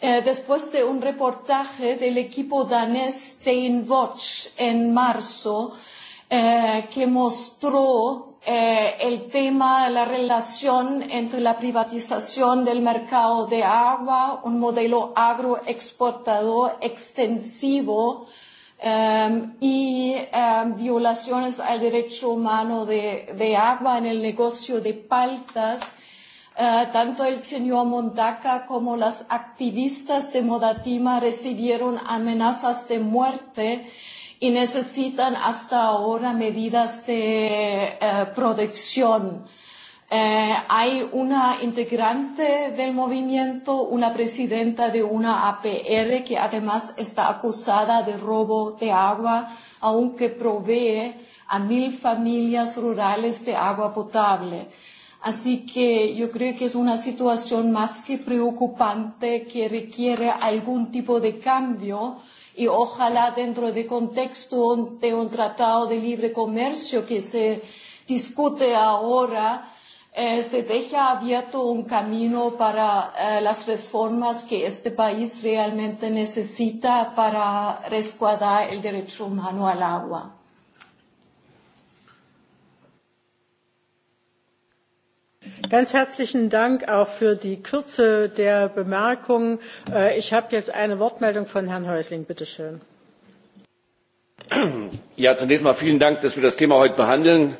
eh, después de un reportaje del equipo danés Steinwatch en marzo eh, eh, que mostró eh, el tema, de la relación entre la privatización del mercado de agua, un modelo agroexportador extensivo eh, y eh, violaciones al derecho humano de, de agua en el negocio de paltas tanto el señor Mondaca como las activistas de Modatima recibieron amenazas de muerte. uh, y necesitan hasta ahora medidas de protección. hay una integrante del movimiento, una presidenta de una APR que además está acusada de robo de agua, aunque provee a mil familias rurales de agua potable. Así que yo creo que es una situación más que preocupante que requiere algún tipo de cambio uh, y ojalá dentro de contexto de un tratado de libre comercio que se discute ahora, eh, se deja abierto un camino para eh, las reformas que este país realmente necesita para resguardar el derecho humano al agua. Ganz herzlichen Dank auch für die Kürze der Bemerkungen. Ich habe jetzt eine Wortmeldung von Herrn Häusling. Bitte schön. Ja, zunächst mal vielen Dank, dass wir das Thema heute behandeln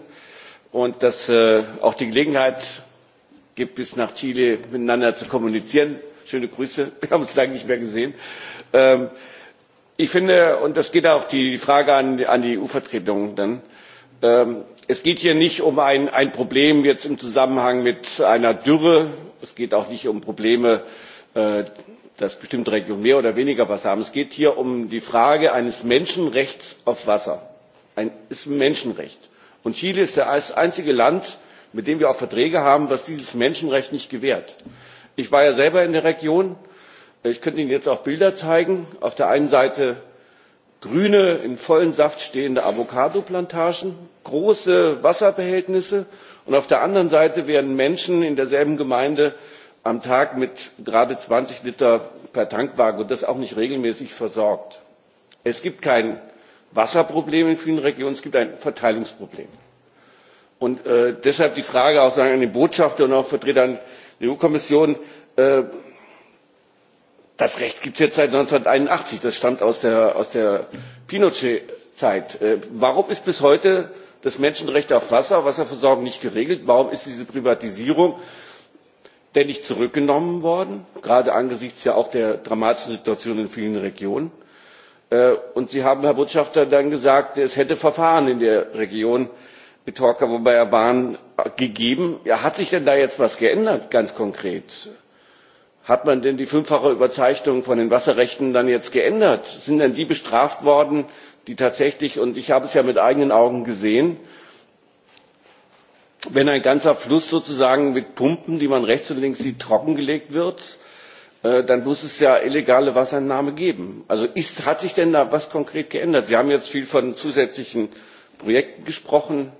und dass auch die Gelegenheit gibt, bis nach Chile miteinander zu kommunizieren. Schöne Grüße. Wir haben uns lange nicht mehr gesehen. ich finde, und das geht auch die Frage an, die EU-Vertretung dann, es geht hier nicht um ein problem jetzt im zusammenhang mit einer dürre es geht auch nicht um probleme dass bestimmte regionen mehr oder weniger wasser haben es geht hier um die frage eines menschenrechts auf wasser. es ist ein menschenrecht und chile ist das einzige land mit dem wir auch verträge haben das dieses menschenrecht nicht gewährt. ich war ja selber in der region ich könnte ihnen jetzt auch bilder zeigen auf der einen seite grüne in vollem saft stehende avocado plantagen große wasserbehältnisse und auf der anderen seite werden menschen in derselben gemeinde am tag mit gerade zwanzig liter per tankwagen und das auch nicht regelmäßig versorgt. es gibt kein wasserproblem in vielen regionen es gibt ein verteilungsproblem. deshalb die frage auch an den botschafter und auch vertreter der eu kommission das recht gibt es jetzt seit eintausendneunhunderteinundachtzig das stammt aus der pinochet zeit. warum ist bis heute das menschenrecht auf wasser wasserversorgung nicht geregelt? warum ist diese privatisierung denn nicht zurückgenommen worden gerade angesichts auch der dramatischen situation in vielen regionen? und sie haben herr botschafter dann gesagt es hätte verfahren in der region betorquay bayarban gegeben. hat sich denn da jetzt etwas geändert ganz konkret? hat man denn die fünffache überzeichnung von den wasserrechten dann jetzt geändert? sind denn die bestraft worden die tatsächlich und ich habe es ja mit eigenen augen gesehen wenn ein ganzer fluss sozusagen mit pumpen die man rechts und links sieht trockengelegt wird dann muss es ja illegale wasserentnahme geben. also hat sich denn da etwas konkret geändert? sie haben jetzt viel von zusätzlichen projekten gesprochen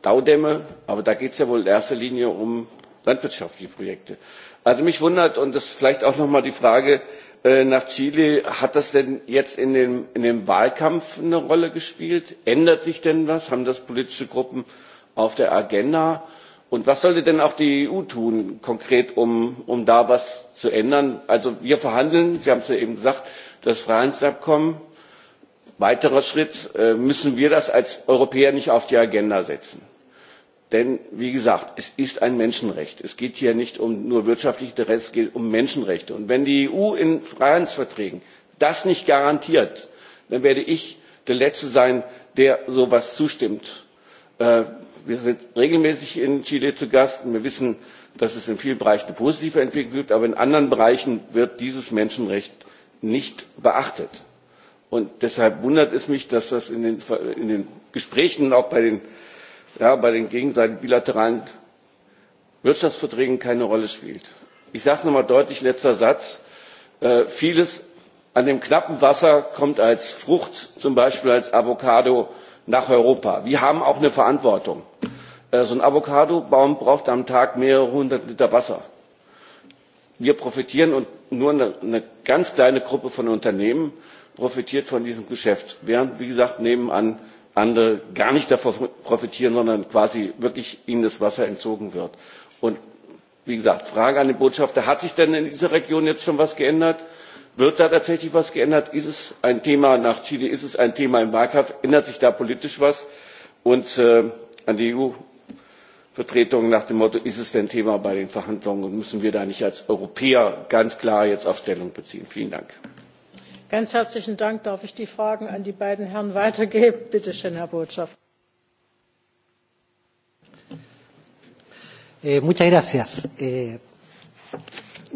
staudämme aber da geht es ja wohl in erster linie um landwirtschaftliche Projekte. Also mich wundert, und das ist vielleicht auch nochmal die Frage nach Chile, hat das denn jetzt in dem, Wahlkampf eine Rolle gespielt? Ändert sich denn was? Haben das politische Gruppen auf der Agenda? Und was sollte denn auch die EU tun, konkret, um, um da was zu ändern? Also wir verhandeln, Sie haben es ja eben gesagt, das Freihandelsabkommen. Weiterer Schritt, müssen wir das als Europäer nicht auf die Agenda setzen? Denn, wie gesagt, es ist ein Menschenrecht. Es geht hier nicht um nur wirtschaftliche Interessen, es geht um Menschenrechte. Und wenn die EU in Freihandelsverträgen das nicht garantiert, dann werde ich der Letzte sein, der so etwas zustimmt. Wir sind regelmäßig in Chile zu Gast und wir wissen, dass es in vielen Bereichen eine positive Entwicklung gibt, aber in anderen Bereichen wird dieses Menschenrecht nicht beachtet. Und deshalb wundert es mich, dass das in den, Gesprächen und auch bei den bei den gegenseitigen bilateralen wirtschaftsverträgen keine rolle spielt. ich sage es noch einmal deutlich letzter satz vieles an dem knappen wasser kommt als frucht zum beispiel als avocado nach europa. wir haben auch eine verantwortung. so ein Avocado Baum braucht am tag mehrere hundert liter wasser. wir profitieren und nur eine ganz kleine gruppe von unternehmen profitiert von diesem geschäft während wie gesagt nebenan andere gar nicht davon profitieren, sondern quasi wirklich ihnen das Wasser entzogen wird. Und wie gesagt, Frage an den Botschafter, hat sich denn in dieser Region jetzt schon was geändert? Wird da tatsächlich was geändert? Ist es ein Thema nach Chile? Ist es ein Thema im Wahlkampf? Ändert sich da politisch was? Und an die EU-Vertretung nach dem Motto, ist es denn Thema bei den Verhandlungen und müssen wir da nicht als Europäer ganz klar jetzt auch Stellung beziehen? Vielen Dank. Ganz herzlichen Dank. Darf ich die Fragen an die beiden Herren weitergeben? Bitte schön, Herr Botschafter. Eh, muchas gracias. Eh,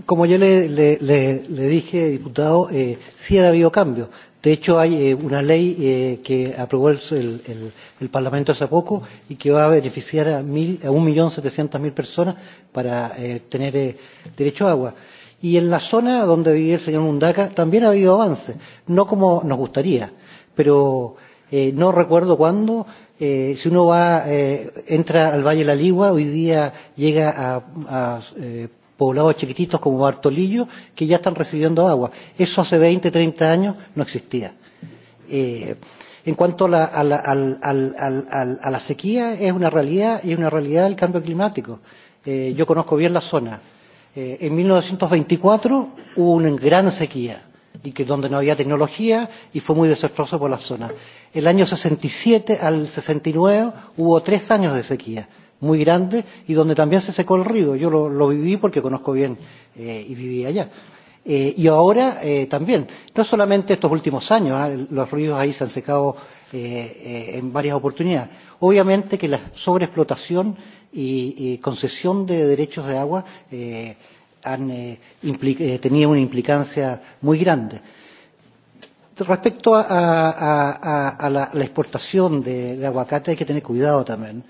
como yo le, le, le, le dije, diputado, eh, sí ha habido cambios. De hecho, hay eh, una ley eh, que aprobó el, el, el, Parlamento hace poco y que va a beneficiar a, mil, a 1.700.000 personas para eh, tener eh, derecho a agua. Y en la zona donde vivía el señor Mundaca también ha habido avances, no como nos gustaría, pero eh, no recuerdo cuándo. Eh, si uno va, eh, entra al Valle de la Ligua, hoy día llega a, a eh, poblados chiquititos como Bartolillo, que ya están recibiendo agua. Eso hace 20, 30 años no existía. Eh, en cuanto a la, a, la, al, al, al, al, a la sequía, es una realidad y es una realidad del cambio climático. Eh, yo conozco bien la zona Eh, en 1924 hubo una gran sequía y que donde no había tecnología y fue muy desastroso por la zona. El año 67 al 69 hubo tres años de sequía muy grande y donde también se secó el río. Yo lo, lo viví porque conozco bien eh, y viví allá. Eh, y ahora eh, también, no solamente estos últimos años, ¿eh? los ríos ahí se han secado eh, eh, en varias oportunidades. Obviamente que la sobreexplotación y, y concesión de derechos de agua eh, han, eh, eh, tenía una implicancia muy grande. Respecto a, a, a, a la, la exportación de, de aguacate hay que tener cuidado también.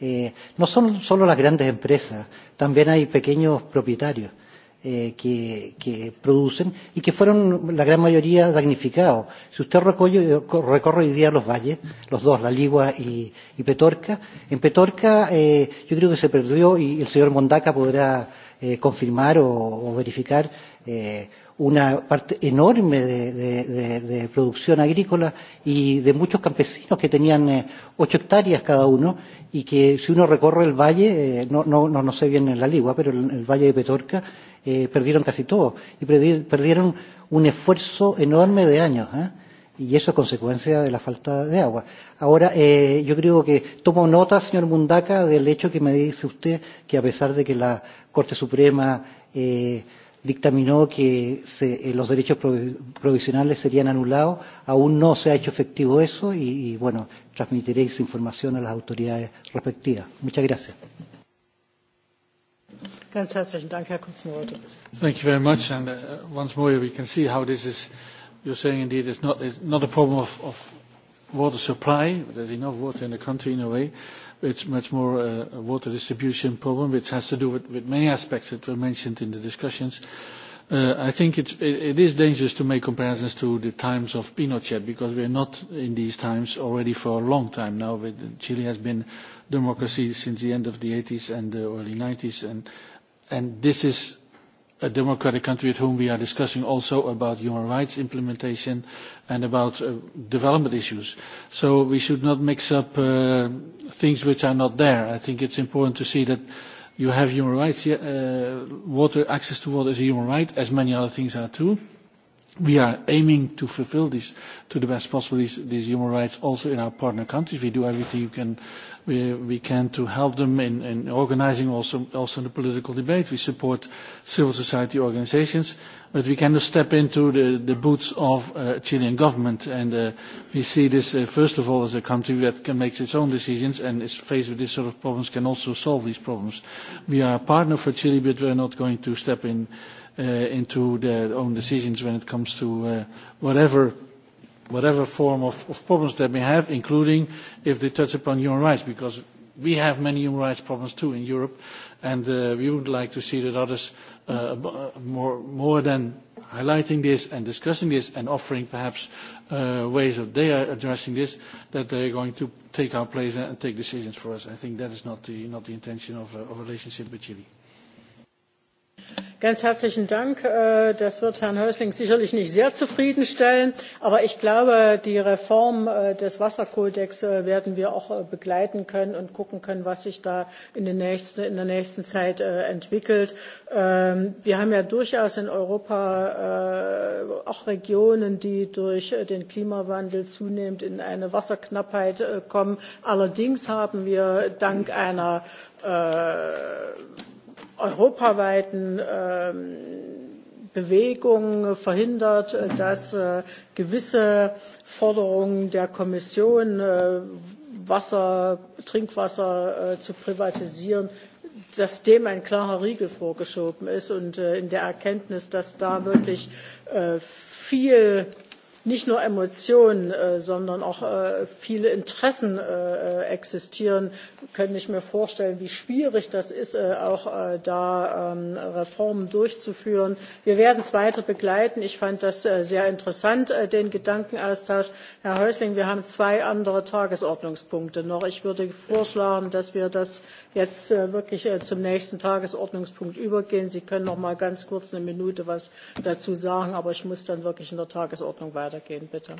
Eh, no son solo las grandes empresas, también hay pequeños propietarios eh, que, que producen y que fueron la gran mayoría damnificados. Si usted recorre, recorre hoy día los valles, los dos, La Ligua y, y Petorca, en Petorca eh, yo creo que se perdió y el señor Mondaca podrá eh, confirmar o, o verificar eh, una parte enorme de, de, de, de producción agrícola y de muchos campesinos que tenían eh, ocho hectáreas cada uno y que si uno recorre el valle, eh, no, no, no, no sé bien en la Ligua, pero en el valle de Petorca, eh, perdieron casi todo y perdieron un esfuerzo enorme de años. ¿eh? Y eso es consecuencia de la falta de agua. Ahora, eh, yo creo que tomo nota, señor Mundaca, del hecho que me dice usted que a pesar de que la Corte Suprema eh, dictaminó que se, eh, los derechos provisionales serían anulados. Aún no se ha hecho efectivo eso y, y bueno, transmitiré esa información a las autoridades respectivas. Muchas gracias. Ganz herzlichen Dank, Herr Thank you very much. And uh, once more, we can see how this is, you're saying indeed, it's not, it's not a problem of, of water supply. There's enough water in the country in a way. It's much more a water distribution problem, which has to do with, with many aspects that were mentioned in the discussions. Uh, I think it's, it, it is dangerous to make comparisons to the times of Pinochet because we're not in these times already for a long time now. Chile has been democracy since the end of the 80s and the early 90s, and And this is a democratic country with whom we are discussing also about human rights implementation and about uh, development issues. So we should not mix up uh, things which are not there. I think it's important to see that you have human rights. Uh, water, access to water is a human right, as many other things are too. We are aiming to fulfill this to the best possible these, these human rights also in our partner countries. We do everything you can we, we can to help them in, in organizing also, also in the political debate. We support civil society organizations, but we cannot step into the, the boots of uh, Chilean government. And uh, we see this, uh, first of all, as a country that can make its own decisions and is faced with this sort of problems, can also solve these problems. We are a partner for Chile, but we're not going to step in uh, into their own decisions when it comes to uh, whatever whatever form of, of problems they may have, including if they touch upon human rights, because we have many human rights problems too in Europe, and uh, we would like to see that others, uh, more, more than highlighting this and discussing this and offering perhaps uh, ways that they are addressing this, that they are going to take our place and take decisions for us. I think that is not the, not the intention of uh, of a relationship with Chile. Ganz herzlichen Dank. Das wird Herrn Häusling sicherlich nicht sehr zufriedenstellen, aber ich glaube, die Reform des Wasserkodex werden wir auch begleiten können und gucken können, was sich da in, der nächsten Zeit entwickelt. Wir haben ja durchaus in Europa auch Regionen, die durch den Klimawandel zunehmend in eine Wasserknappheit kommen. Allerdings haben wir dank einer europaweiten Bewegung verhindert, dass gewisse Forderungen der Kommission, Wasser, Trinkwasser zu privatisieren, dass dem ein klarer Riegel vorgeschoben ist und in der Erkenntnis, dass da wirklich viel nicht nur Emotionen, sondern auch viele Interessen existieren, könnte ich mir vorstellen, wie schwierig das ist, auch da Reformen durchzuführen. Wir werden es weiter begleiten. Ich fand das sehr interessant, den Gedankenaustausch. Herr Häusling, wir haben zwei andere Tagesordnungspunkte noch. Ich würde vorschlagen, dass wir das jetzt wirklich zum nächsten Tagesordnungspunkt übergehen. Sie können noch mal ganz kurz eine Minute was dazu sagen, aber ich muss dann wirklich in der Tagesordnung weiter weitergehen. Bitte.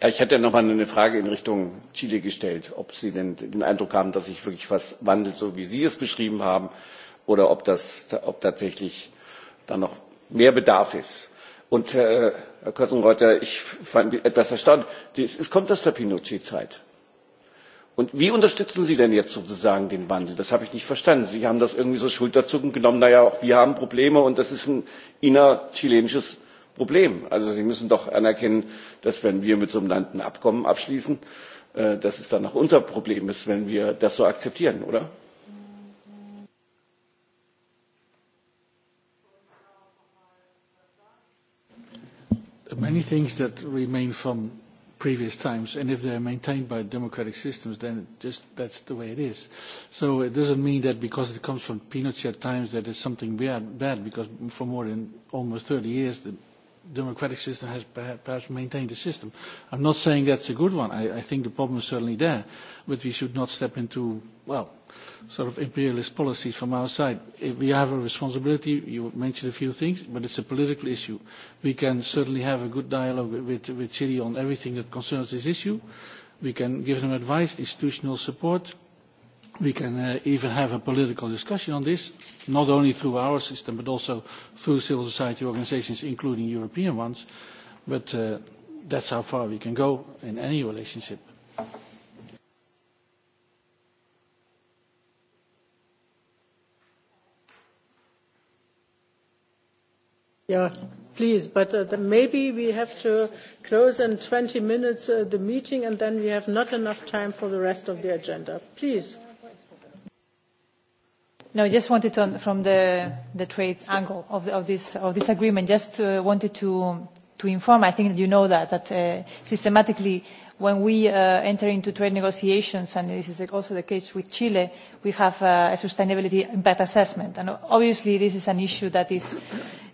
Ja, ich hätte noch mal eine Frage in Richtung Chile gestellt, ob Sie denn den Eindruck haben, dass sich wirklich was wandelt, so wie Sie es beschrieben haben, oder ob, das, ob tatsächlich da noch mehr Bedarf ist. Und Herr Kötzenreuther, ich fand etwas erstaunt. Es kommt aus der Pinochet-Zeit. Und wie unterstützen Sie denn jetzt sozusagen den Wandel? Das habe ich nicht verstanden. Sie haben das irgendwie so schulterzuckend genommen. Naja, auch wir haben Probleme und das ist ein innerchilenisches Problem. Also Sie müssen doch anerkennen, dass wenn wir mit so einem Land ein Abkommen abschließen, dass es dann auch unser Problem ist, wenn wir das so akzeptieren, oder? Many things that remain from previous times, and if they are maintained by democratic systems, then just that's the way it is. So it doesn't mean that because it comes from Pinochet times that it's something bad, bad because for more than almost 30 years the democratic system has perhaps maintained the system. I'm not saying that's a good one. I, I think the problem is certainly there, but we should not step into, well, sort of imperialist policies from our side. If we have a responsibility. You mentioned a few things, but it's a political issue. We can certainly have a good dialogue with, with Chile on everything that concerns this issue. We can give them advice, institutional support, we can uh, even have a political discussion on this, not only through our system, but also through civil society organizations, including European ones. But uh, that's how far we can go in any relationship. Yeah, please, but uh, maybe we have to close in 20 minutes uh, the meeting and then we have not enough time for the rest of the agenda. Please. No, I just wanted to, from the, the trade angle of, of, this, of this agreement, just uh, wanted to, to inform, I think that you know that, that uh, systematically when we uh, enter into trade negotiations, and this is also the case with Chile, we have uh, a sustainability impact assessment. And obviously this is an issue that is,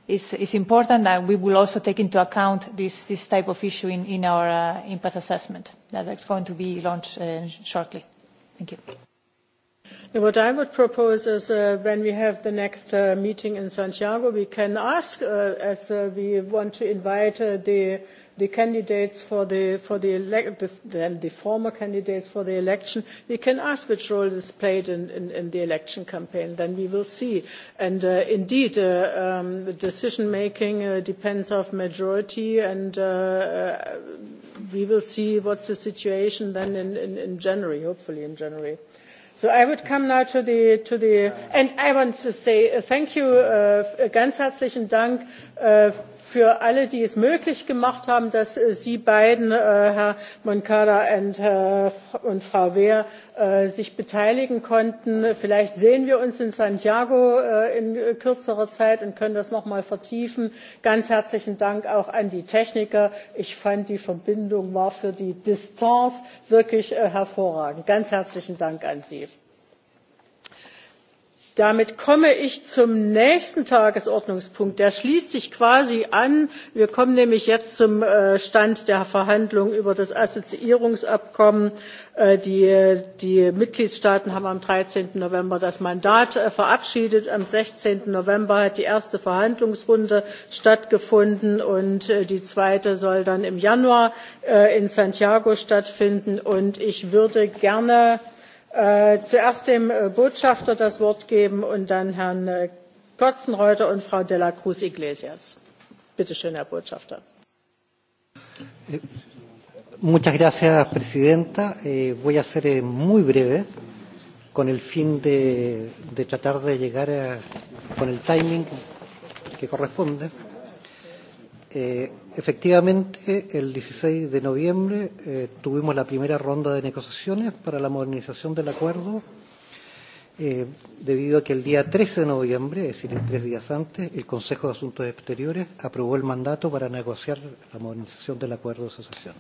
is, is important, and we will also take into account this, this type of issue in, in our uh, impact assessment that is going to be launched uh, shortly. Thank you. What I would propose is when we have the next uh meeting in Santiago, we can ask, as we want to invite uh the the candidates for the for the elect then the former candidates for the election we can ask which role is played in, in, in the election campaign then we will see and uh, indeed uh, um, the decision making uh, depends of majority and uh, we will see what's the situation then in, in, in January hopefully in January So I would come now to the, to the, and I want to say thank you, uh, ganz herzlichen Dank, für alle, die es möglich gemacht haben, dass Sie beiden, Herr Moncada und Frau Wehr, sich beteiligen konnten. Vielleicht sehen wir uns in Santiago in kürzerer Zeit und können das noch mal vertiefen. Ganz herzlichen Dank auch an die Techniker. Ich fand, die Verbindung war für die Distanz wirklich hervorragend. Ganz herzlichen Dank an Sie damit komme ich zum nächsten tagesordnungspunkt der schließt sich quasi an wir kommen nämlich jetzt zum stand der verhandlungen über das assoziierungsabkommen die mitgliedstaaten haben am. dreizehn november das mandat verabschiedet am. sechzehn november hat die erste verhandlungsrunde stattgefunden und die zweite soll dann im januar in santiago stattfinden und ich würde gerne zuerst dem Botschafter das Wort geben und dann Herrn Kotzenreuther und Frau de la Cruz Iglesias. Bitte schön, Herr Botschafter. Muchas gracias, Presidenta. Eh, voy a ser muy breve con el fin de, de tratar de llegar a, con el timing que corresponde. Eh, Efectivamente, el 16 de noviembre eh, tuvimos la primera ronda de negociaciones para la modernización del acuerdo, eh, debido a que el día 13 de noviembre, es decir, tres días antes, el Consejo de Asuntos Exteriores aprobó el mandato para negociar la modernización del acuerdo de asociación.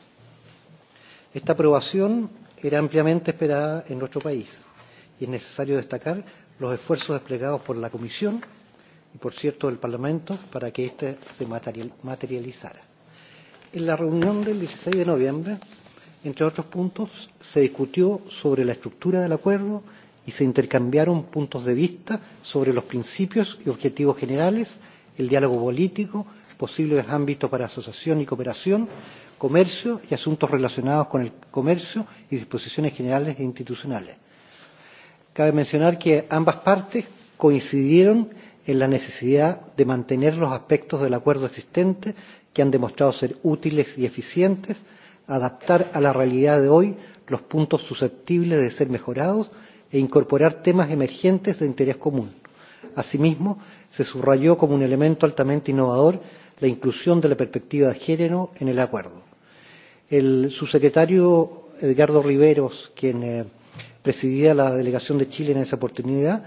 Esta aprobación era ampliamente esperada en nuestro país y es necesario destacar los esfuerzos desplegados por la Comisión y, por cierto, del Parlamento para que éste se materializara. En la reunión del 16 de noviembre, entre otros puntos, se discutió sobre la estructura del acuerdo y se intercambiaron puntos de vista sobre los principios y objetivos generales, el diálogo político, posibles ámbitos para asociación y cooperación, comercio y asuntos relacionados con el comercio y disposiciones generales e institucionales. Cabe mencionar que ambas partes coincidieron en la necesidad de mantener los aspectos del acuerdo existente que han demostrado ser útiles y eficientes, adaptar a la realidad de hoy los puntos susceptibles de ser mejorados e incorporar temas emergentes de interés común. Asimismo, se subrayó como un elemento altamente innovador la inclusión de la perspectiva de género en el acuerdo. El subsecretario Edgardo Riveros, quien eh, presidía la delegación de Chile en esa oportunidad,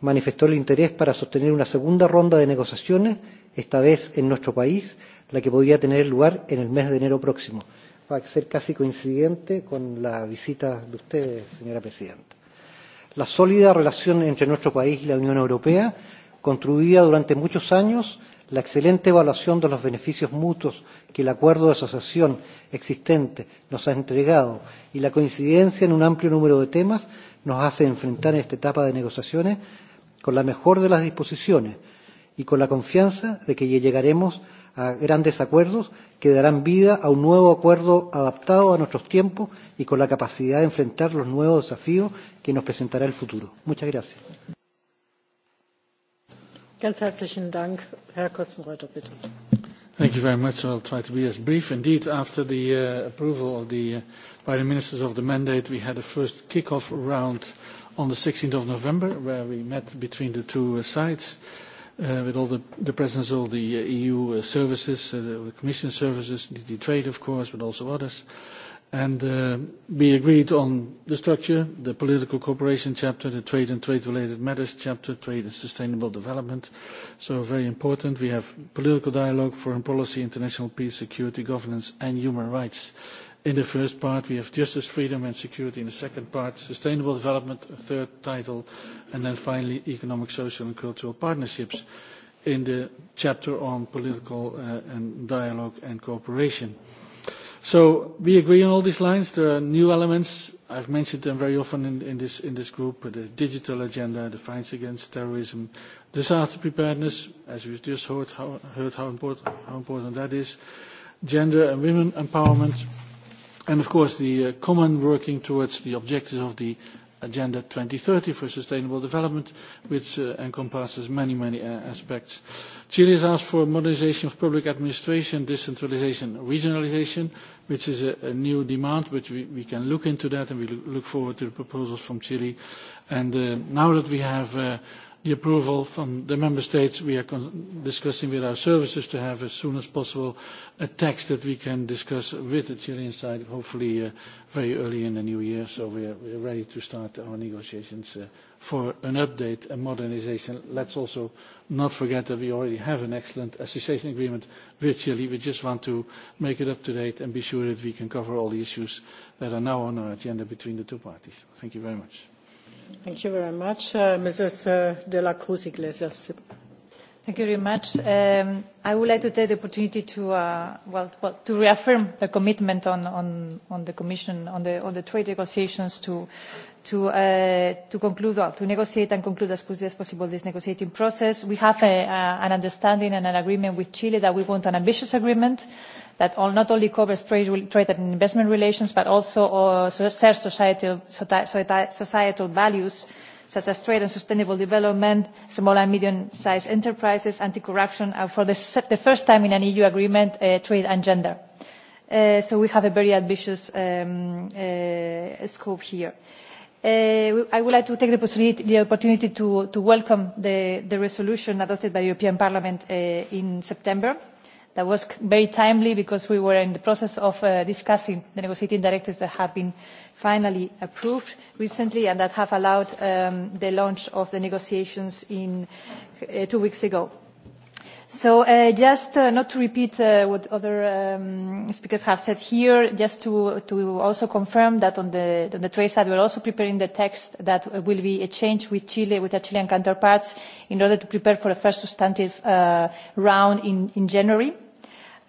manifestó el interés para sostener una segunda ronda de negociaciones, esta vez en nuestro país, la que podría tener lugar en el mes de enero próximo. Va a ser casi coincidente con la visita de ustedes, señora presidenta. La sólida relación entre nuestro país y la Unión Europea, construida durante muchos años, la excelente evaluación de los beneficios mutuos que el acuerdo de asociación existente nos ha entregado y la coincidencia en un amplio número de temas nos hace enfrentar en esta etapa de negociaciones con la mejor de las disposiciones y con la confianza de que llegaremos a grandes acuerdos que darán vida a un nuevo acuerdo adaptado a nuestros tiempos y con la capacidad de enfrentar los nuevos desafíos que nos presentará el futuro. Muchas gracias. Ganz herzlichen Dank, Herr Kotzenreuther, bitte. Thank you very much. I'll try to be as brief. Indeed, after the uh, approval of the, uh, by the ministers of the mandate, we had a first kick-off round on the 16th of November, where we met between the two sides with all the, the presence of all the EU services, the Commission services, the Trade, of course, but also others. And we agreed on the structure, the political cooperation chapter, the trade and trade-related matters chapter, trade and sustainable development. So very important. We have political dialogue, foreign policy, international peace, security, governance, and human rights In the first part, we have justice, freedom and security. In the second part, sustainable development, a third title, and then finally economic, social and cultural partnerships in the chapter on political and dialogue and cooperation. So we agree on all these lines. There are new elements. I've mentioned them very often in, in, this, in this group, the digital agenda, the fights against terrorism, disaster preparedness, as we've just heard, how, heard how, important, how important that is, gender and women empowerment, And of course, the uh, common working towards the objectives of the Agenda 2030 for Sustainable Development, which uh, encompasses many, many uh, aspects. Chile has asked for modernization of public administration, decentralization, regionalization, which is a, a new demand, but we, we can look into that and we look, forward to the proposals from Chile. And uh, now that we have uh, the approval from the member states. We are discussing with our services to have, as soon as possible, a text that we can discuss with the Chilean side, hopefully very early in the new year. So we are ready to start our negotiations for an update and modernization. Let's also not forget that we already have an excellent association agreement with Chile. We just want to make it up to date and be sure that we can cover all the issues that are now on our agenda between the two parties. Thank you very much. Thank you very much. Uh, Mrs. De La Cruz Iglesias. Thank you very much. Um, I would like to take the opportunity to, uh, well, well, to reaffirm the commitment on, on, on the Commission, on the, on the trade negotiations to, to, uh, to conclude, well, to negotiate and conclude as quickly as possible this negotiating process. We have a, a, an understanding and an agreement with Chile that we want an ambitious agreement that all, not only covers trade, trade and investment relations, but also uh, societal, societal values such as trade and sustainable development, small and medium-sized enterprises, anti-corruption, and for the, the first time in an EU agreement, trade and gender. so we have a very ambitious scope here. I would like to take the, opportunity to, to welcome the, the resolution adopted by the European Parliament in September that was very timely because we were in the process of uh, discussing the negotiating directives that have been finally approved recently and that have allowed um, the launch of the negotiations in, uh, two weeks ago So uh, just uh, not to repeat uh, what other um, speakers have said here, just to, to also confirm that on the, on the trade side, we're also preparing the text that will be a change with Chile, with our Chilean counterparts, in order to prepare for a first substantive uh, round in, in January.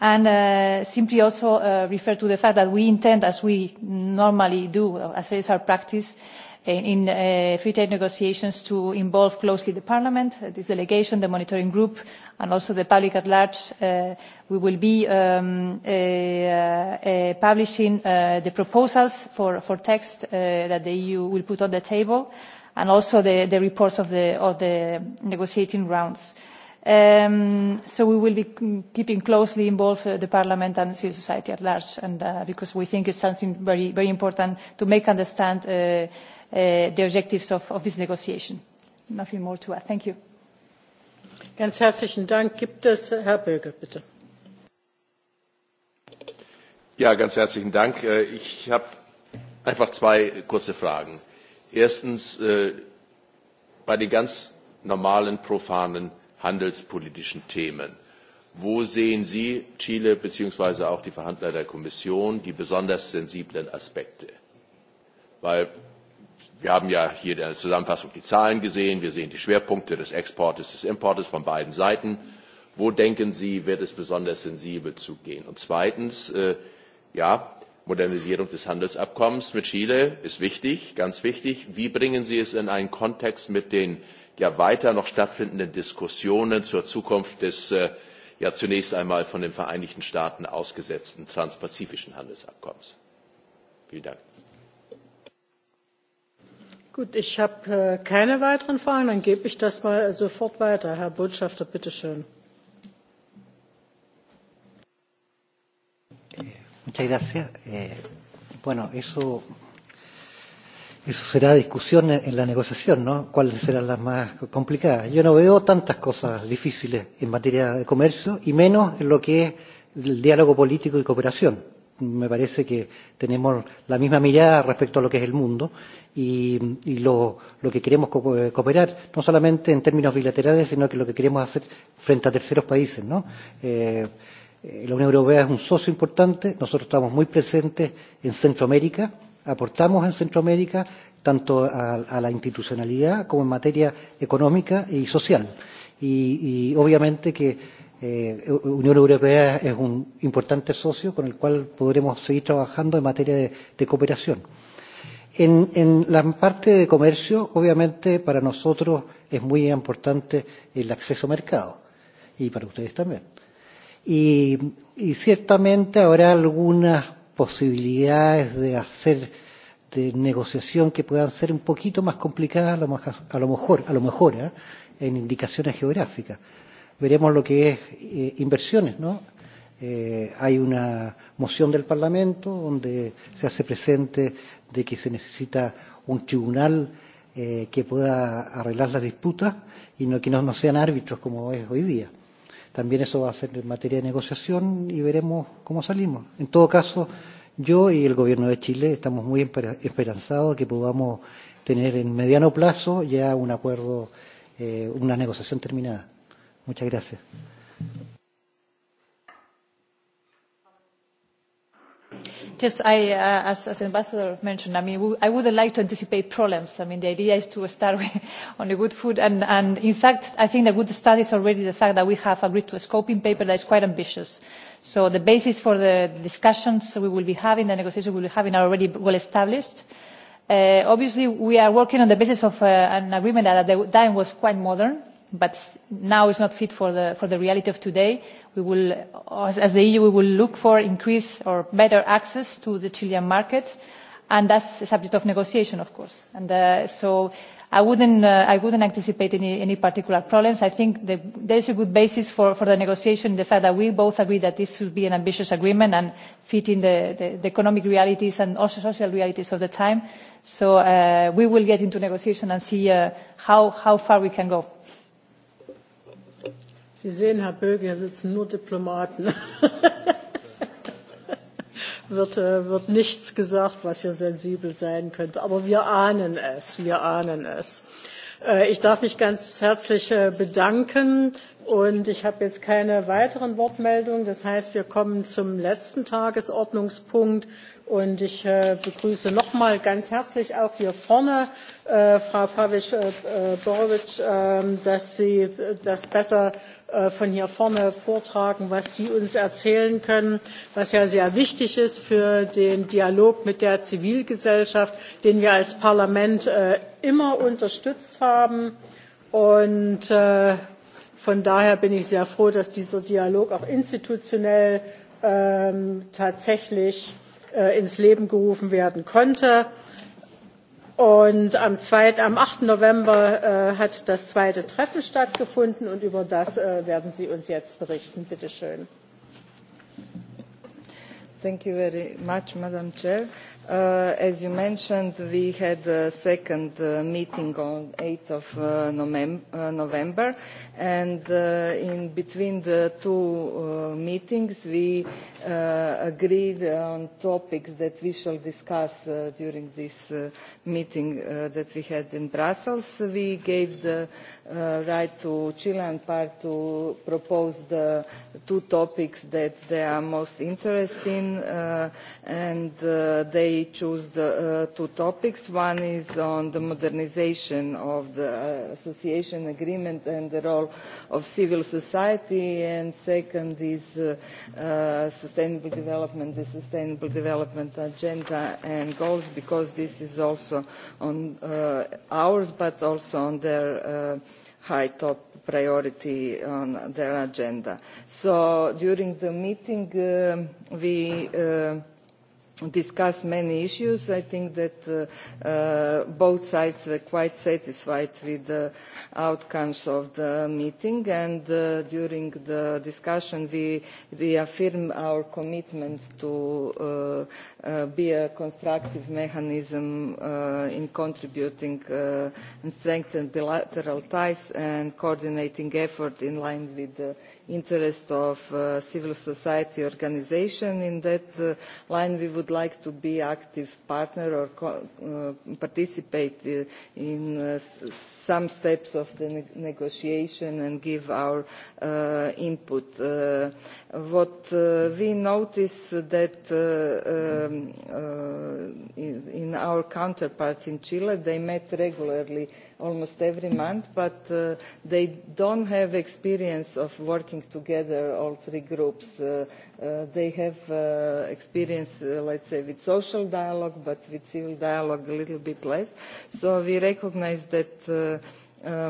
And uh, simply also uh, refer to the fact that we intend, as we normally do, as is our practice, in uh, free trade negotiations to involve closely the Parliament, this delegation, the monitoring group, and also the public at large. Uh, we will be um, uh, uh, publishing uh, the proposals for, for text uh, that the EU will put on the table, and also the, the reports of the, of the negotiating rounds. Um, so we will be keeping closely involved uh, the Parliament and civil society at large, and uh, because we think it's something very, very important to make understand uh, the objectives of this negotiation. Nothing more to add. Thank you. Ganz herzlichen Dank. Gibt es Herr Böge, bitte? Ja, ganz herzlichen Dank. Ich habe einfach zwei kurze Fragen. Erstens, bei den ganz normalen, profanen handelspolitischen Themen. Wo sehen Sie, Chile bzw. auch die Verhandler der Kommission, die besonders sensiblen Aspekte? Weil Wir haben ja hier in der Zusammenfassung die Zahlen gesehen. Wir sehen die Schwerpunkte des Exportes, des Importes von beiden Seiten. Wo denken Sie, wird es besonders sensibel zugehen? Und zweitens, ja, Modernisierung des Handelsabkommens mit Chile ist wichtig, ganz wichtig. Wie bringen Sie es in einen Kontext mit den ja weiter noch stattfindenden Diskussionen zur Zukunft des ja zunächst einmal von den Vereinigten Staaten ausgesetzten transpazifischen Handelsabkommens? Vielen Dank ich habe keine weiteren Fragen. Dann gebe ich das mal sofort weiter. Herr Botschafter, bitte schön. Muchas gracias. Eh, bueno, eso, eso será discusión en, en la negociación, ¿no? ¿Cuáles serán las más complicadas? Yo no veo tantas cosas difíciles en materia de comercio y menos en lo que es el diálogo político y cooperación me parece que tenemos la misma mirada respecto a lo que es el mundo y, y lo, lo que queremos cooperar, no solamente en términos bilaterales, sino que lo que queremos hacer frente a terceros países. ¿no? Eh, la Unión Europea es un socio importante, nosotros estamos muy presentes en Centroamérica, aportamos en Centroamérica tanto a, a la institucionalidad como en materia económica y social. Y, y obviamente que Eh, Unión Europea es un importante socio con el cual podremos seguir trabajando en materia de, de cooperación. En, en la parte de comercio, obviamente, para nosotros es muy importante el acceso a mercado y para ustedes también. Y, y ciertamente habrá algunas posibilidades de hacer de negociación que puedan ser un poquito más complicadas a lo, mejor, a lo mejor ¿eh? en indicaciones geográficas veremos lo que es eh, inversiones, ¿no? Eh, hay una moción del Parlamento donde se hace presente de que se necesita un tribunal eh, que pueda arreglar las disputas y no que no, no sean árbitros como es hoy día. También eso va a ser en materia de negociación y veremos cómo salimos. En todo caso, yo y el gobierno de Chile estamos muy esperanzados de que podamos tener en mediano plazo ya un acuerdo, eh, una negociación terminada. Muchas gracias. Just I, uh, as, as Ambassador mentioned, I mean, w I would like to anticipate problems. I mean, the idea is to start with, on a good foot. And, and in fact, I think the good study is already the fact that we have agreed to a scoping paper that is quite ambitious. So the basis for the discussions we will be having, the negotiations we will be having are already well established. Uh, obviously, we are working on the basis of uh, an agreement that at the time was quite modern but now is not fit for the, for the reality of today. We will, as the EU, we will look for increased or better access to the Chilean market, and that's a subject of negotiation, of course. And so I wouldn't, uh, I wouldn't anticipate any, any particular problems. I think the, is a good basis for, for the negotiation, the fact that we both agree that this should be an ambitious agreement and fit in the, the, the economic realities and also social realities of the time. So uh, we will get into negotiation and see uh, how, how far we can go. Sie sehen, Herr Böge, hier sitzen nur Diplomaten. wird, wird nichts gesagt, was hier sensibel sein könnte. Aber wir ahnen es, wir ahnen es. ich darf mich ganz herzlich bedanken. Und ich habe jetzt keine weiteren Wortmeldungen. Das heißt, wir kommen zum letzten Tagesordnungspunkt. Und ich begrüße nochmal ganz herzlich auch hier vorne Frau Pavic Borovic, dass Sie das besser von hier vorne vortragen, was Sie uns erzählen können, was ja sehr wichtig ist für den Dialog mit der Zivilgesellschaft, den wir als Parlament immer unterstützt haben. Und von daher bin ich sehr froh, dass dieser Dialog auch institutionell tatsächlich ins Leben gerufen werden konnte. Und am, 2., am 8. November hat das zweite Treffen stattgefunden und über das werden Sie uns jetzt berichten. Bitte schön. Thank you very much, Madam Chair. As you mentioned, we had a second meeting on 8th of November, and in between the two meetings, we agreed on topics that we shall discuss during this meeting that we had in Brussels. We gave the right to Chilean part to propose the two topics that they are most interested in, uh, and uh, they choose the uh, two topics. One is on the modernization of the association agreement and the role of civil society, and second is uh, uh, sustainable development, the sustainable development agenda and goals, because this is also on uh, ours, but also on their uh, high top priority on their agenda. So during the meeting, we discuss many issues. I think that uh, uh, both sides were quite satisfied with the outcomes of the meeting and uh, during the discussion we reaffirmed our commitment to uh, uh, be a constructive mechanism uh, in contributing uh, and strengthening bilateral ties and coordinating effort in line with the uh, interest of civil society organization. In that line, we would like to be active partner or participate in some steps of the negotiation and give our uh, input. Uh, what uh, we notice that uh, um, uh, in our counterparts in Chile, they met regularly almost every month, but uh, they don't have experience of working together, all three groups. Uh, uh, they have uh, experience, uh, let's say, with social dialogue, but with civil dialogue a little bit less. So we recognize that uh,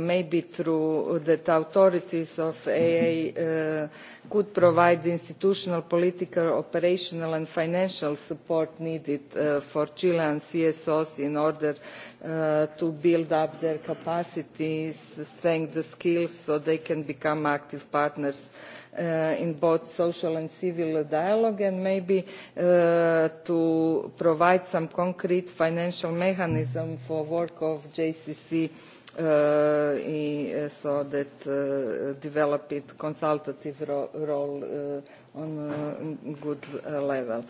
maybe through that authorities of AA could provide institutional, political, operational and financial support needed for Chilean CSOs in order to build up their capacities, strengthen the skills so they can become active partners in both social and civil dialogue and maybe to provide some concrete financial mechanism for work of JCC uh, и, so that uh, developed consultative ro role uh, on a good level.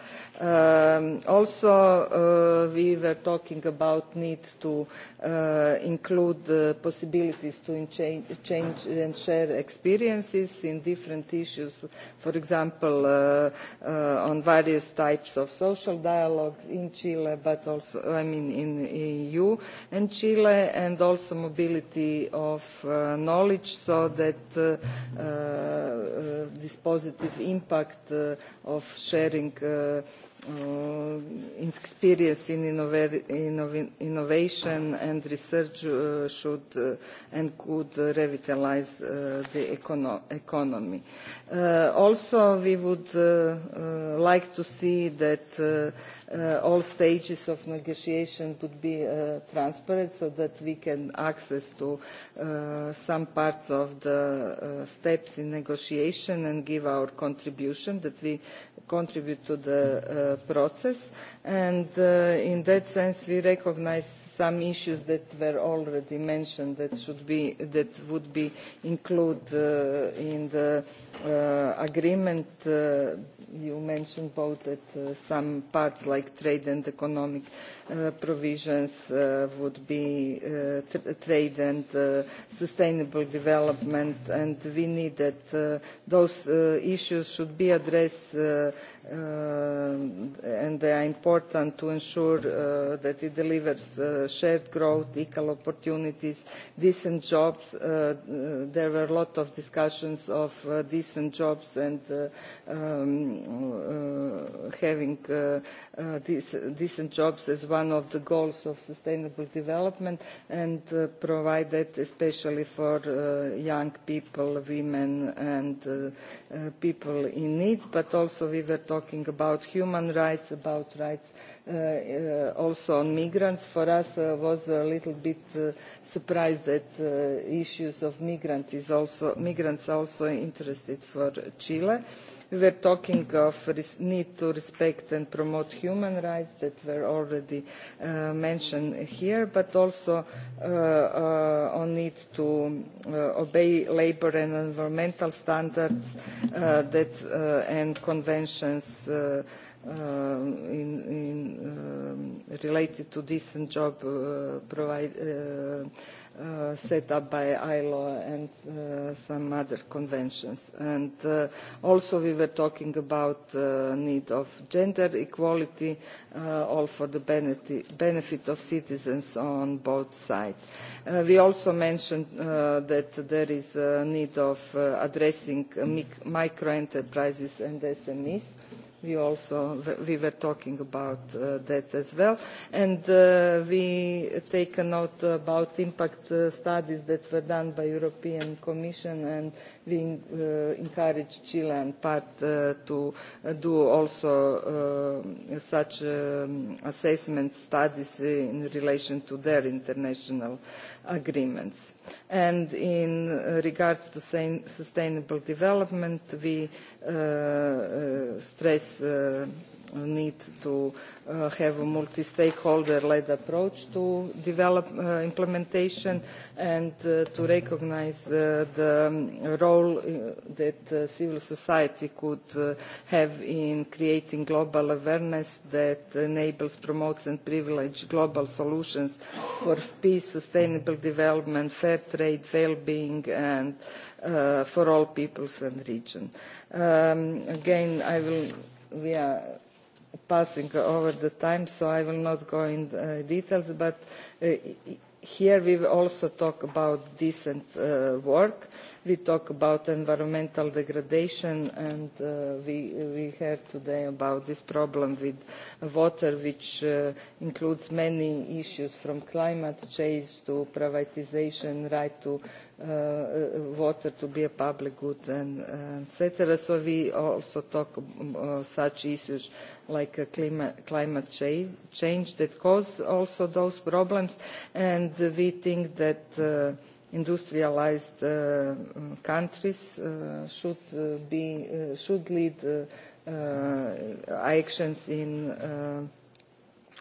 Also, we were talking about need to include the possibilities to change and share experiences in different issues, for example, on various types of social dialogue in Chile, but also, I mean, in EU and Chile, and also mobility of knowledge so that this positive impact impact of sharing experience in innovation and research should and could revitalize the economy. Also, we would like to see that all stages of negotiation would be transparent so that we can access to some parts of the steps in negotiation and give our contribution that we contribute to the process. And in that sense, we recognize some issues that were already mentioned that should be that would be included in the agreement you mentioned both that some parts like trade and economic provisions would be trade and sustainable development, and we need that those issues should be addressed uh and they are important to ensure uh that it delivers uh shared growth, equal opportunities, decent jobs. there were a lot of discussions of decent jobs and having decent jobs as one of the goals of sustainable development and provide that especially for young people, women and people in need, but also we were talking about human rights, about rights also on migrants. For us, uh, was a little bit uh, surprised that uh, issues of migrants is also migrants are also interested for Chile. We were talking of res need to respect and promote human rights that were already uh, mentioned here, but also uh, uh, on need to uh, obey labor and environmental standards uh, that uh, and conventions. Uh, uh, in, in, um, related to decent job uh, provide, uh, uh, set up by ILO and uh, some other conventions. And uh, also we were talking about uh, need of gender equality, uh, all for the benefit, of citizens on both sides. Uh, we also mentioned uh, that there is a need of uh, addressing mic micro enterprises and SMEs we also we were talking about uh, that as well and uh, we take a note about impact uh, studies that were done by european commission and we encourage Chile and PART to do also such assessment studies in relation to their international agreements. And in regards to sustainable development, we stress need to uh, have a multi-stakeholder-led approach to develop uh, implementation and uh, to recognize uh, the role that uh, civil society could uh, have in creating global awareness that enables, promotes and privileges global solutions for peace, sustainable development, fair trade, well-being and uh, for all peoples and regions. Um, again, I will, we are passing over the time, so I will not go into details, but here we also talk about decent uh work. We talk about environmental degradation, and we, we heard today about this problem with water, which includes many issues from climate change to privatization, right to water to be a public good and etc. So we also talk uh, such issues like uh, climate, climate change, change that cause also those problems and we think that uh, industrialized uh, countries uh, should, uh, be, uh, should lead uh, uh, actions in uh,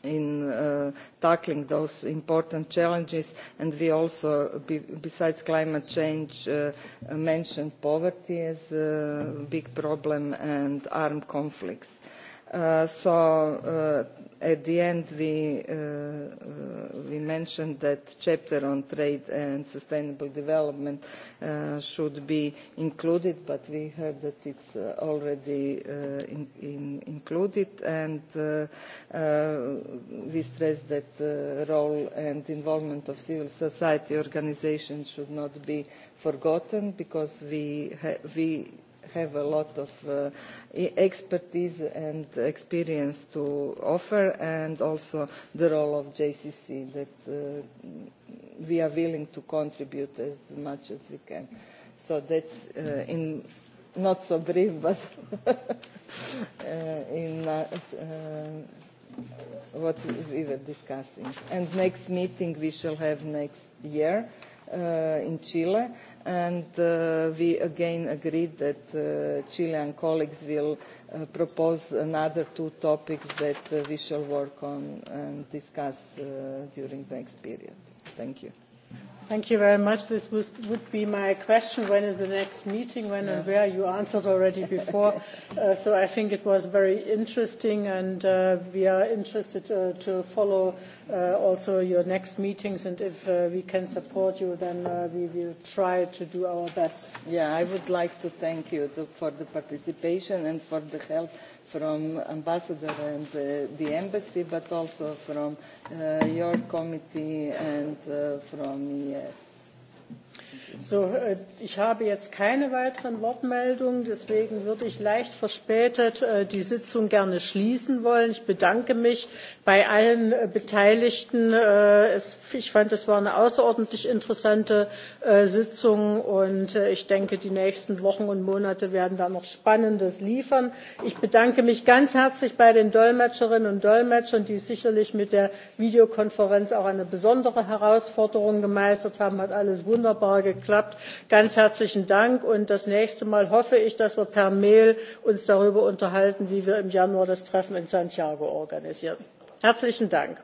in uh, tackling those important challenges. And we also, be, besides climate change, uh, mentioned poverty as a big problem and armed conflicts. Uh, so uh, at the end we, uh, we mentioned that chapter on trade and sustainable development uh, should be included, but we heard that it's already uh, in, in included and uh, uh, we stress that uh, role and involvement of civil society organizations should not be forgotten because we, ha we have a lot of uh, expertise and experience to offer, and also the role of JCC that uh, we are willing to contribute as much as we can. So that's uh, in not so brief, but uh, in uh, uh, what we were discussing. And next meeting we shall have next year uh, in Chile and uh, we again agreed that uh, Chilean colleagues will uh, propose another two topics that uh, we shall work on and discuss uh, during the next period. Thank you. Thank you very much. This was, would be my question. When is the next meeting? When and where? You answered already before. uh, so I think it was very interesting, and uh, we are interested uh, to follow uh, also your next meetings. And if uh, we can support you, then uh, we will try to do our best. Yeah, I would like to thank you to, for the participation and for the help from Ambassador and uh, the Embassy, but also from uh, your committee and uh, from EF. So, ich habe jetzt keine weiteren Wortmeldungen, deswegen würde ich leicht verspätet die Sitzung gerne schließen wollen. Ich bedanke mich bei allen Beteiligten. Ich fand, es war eine außerordentlich interessante Sitzung und ich denke, die nächsten Wochen und Monate werden da noch Spannendes liefern. Ich bedanke mich ganz herzlich bei den Dolmetscherinnen und Dolmetschern, die sicherlich mit der Videokonferenz auch eine besondere Herausforderung gemeistert haben. Hat alles wunderbar wunderbar geklappt. Ganz herzlichen Dank und das nächste Mal hoffe ich, dass wir uns per Mail darüber unterhalten, wie wir im Januar das Treffen in Santiago organisieren. Herzlichen Dank.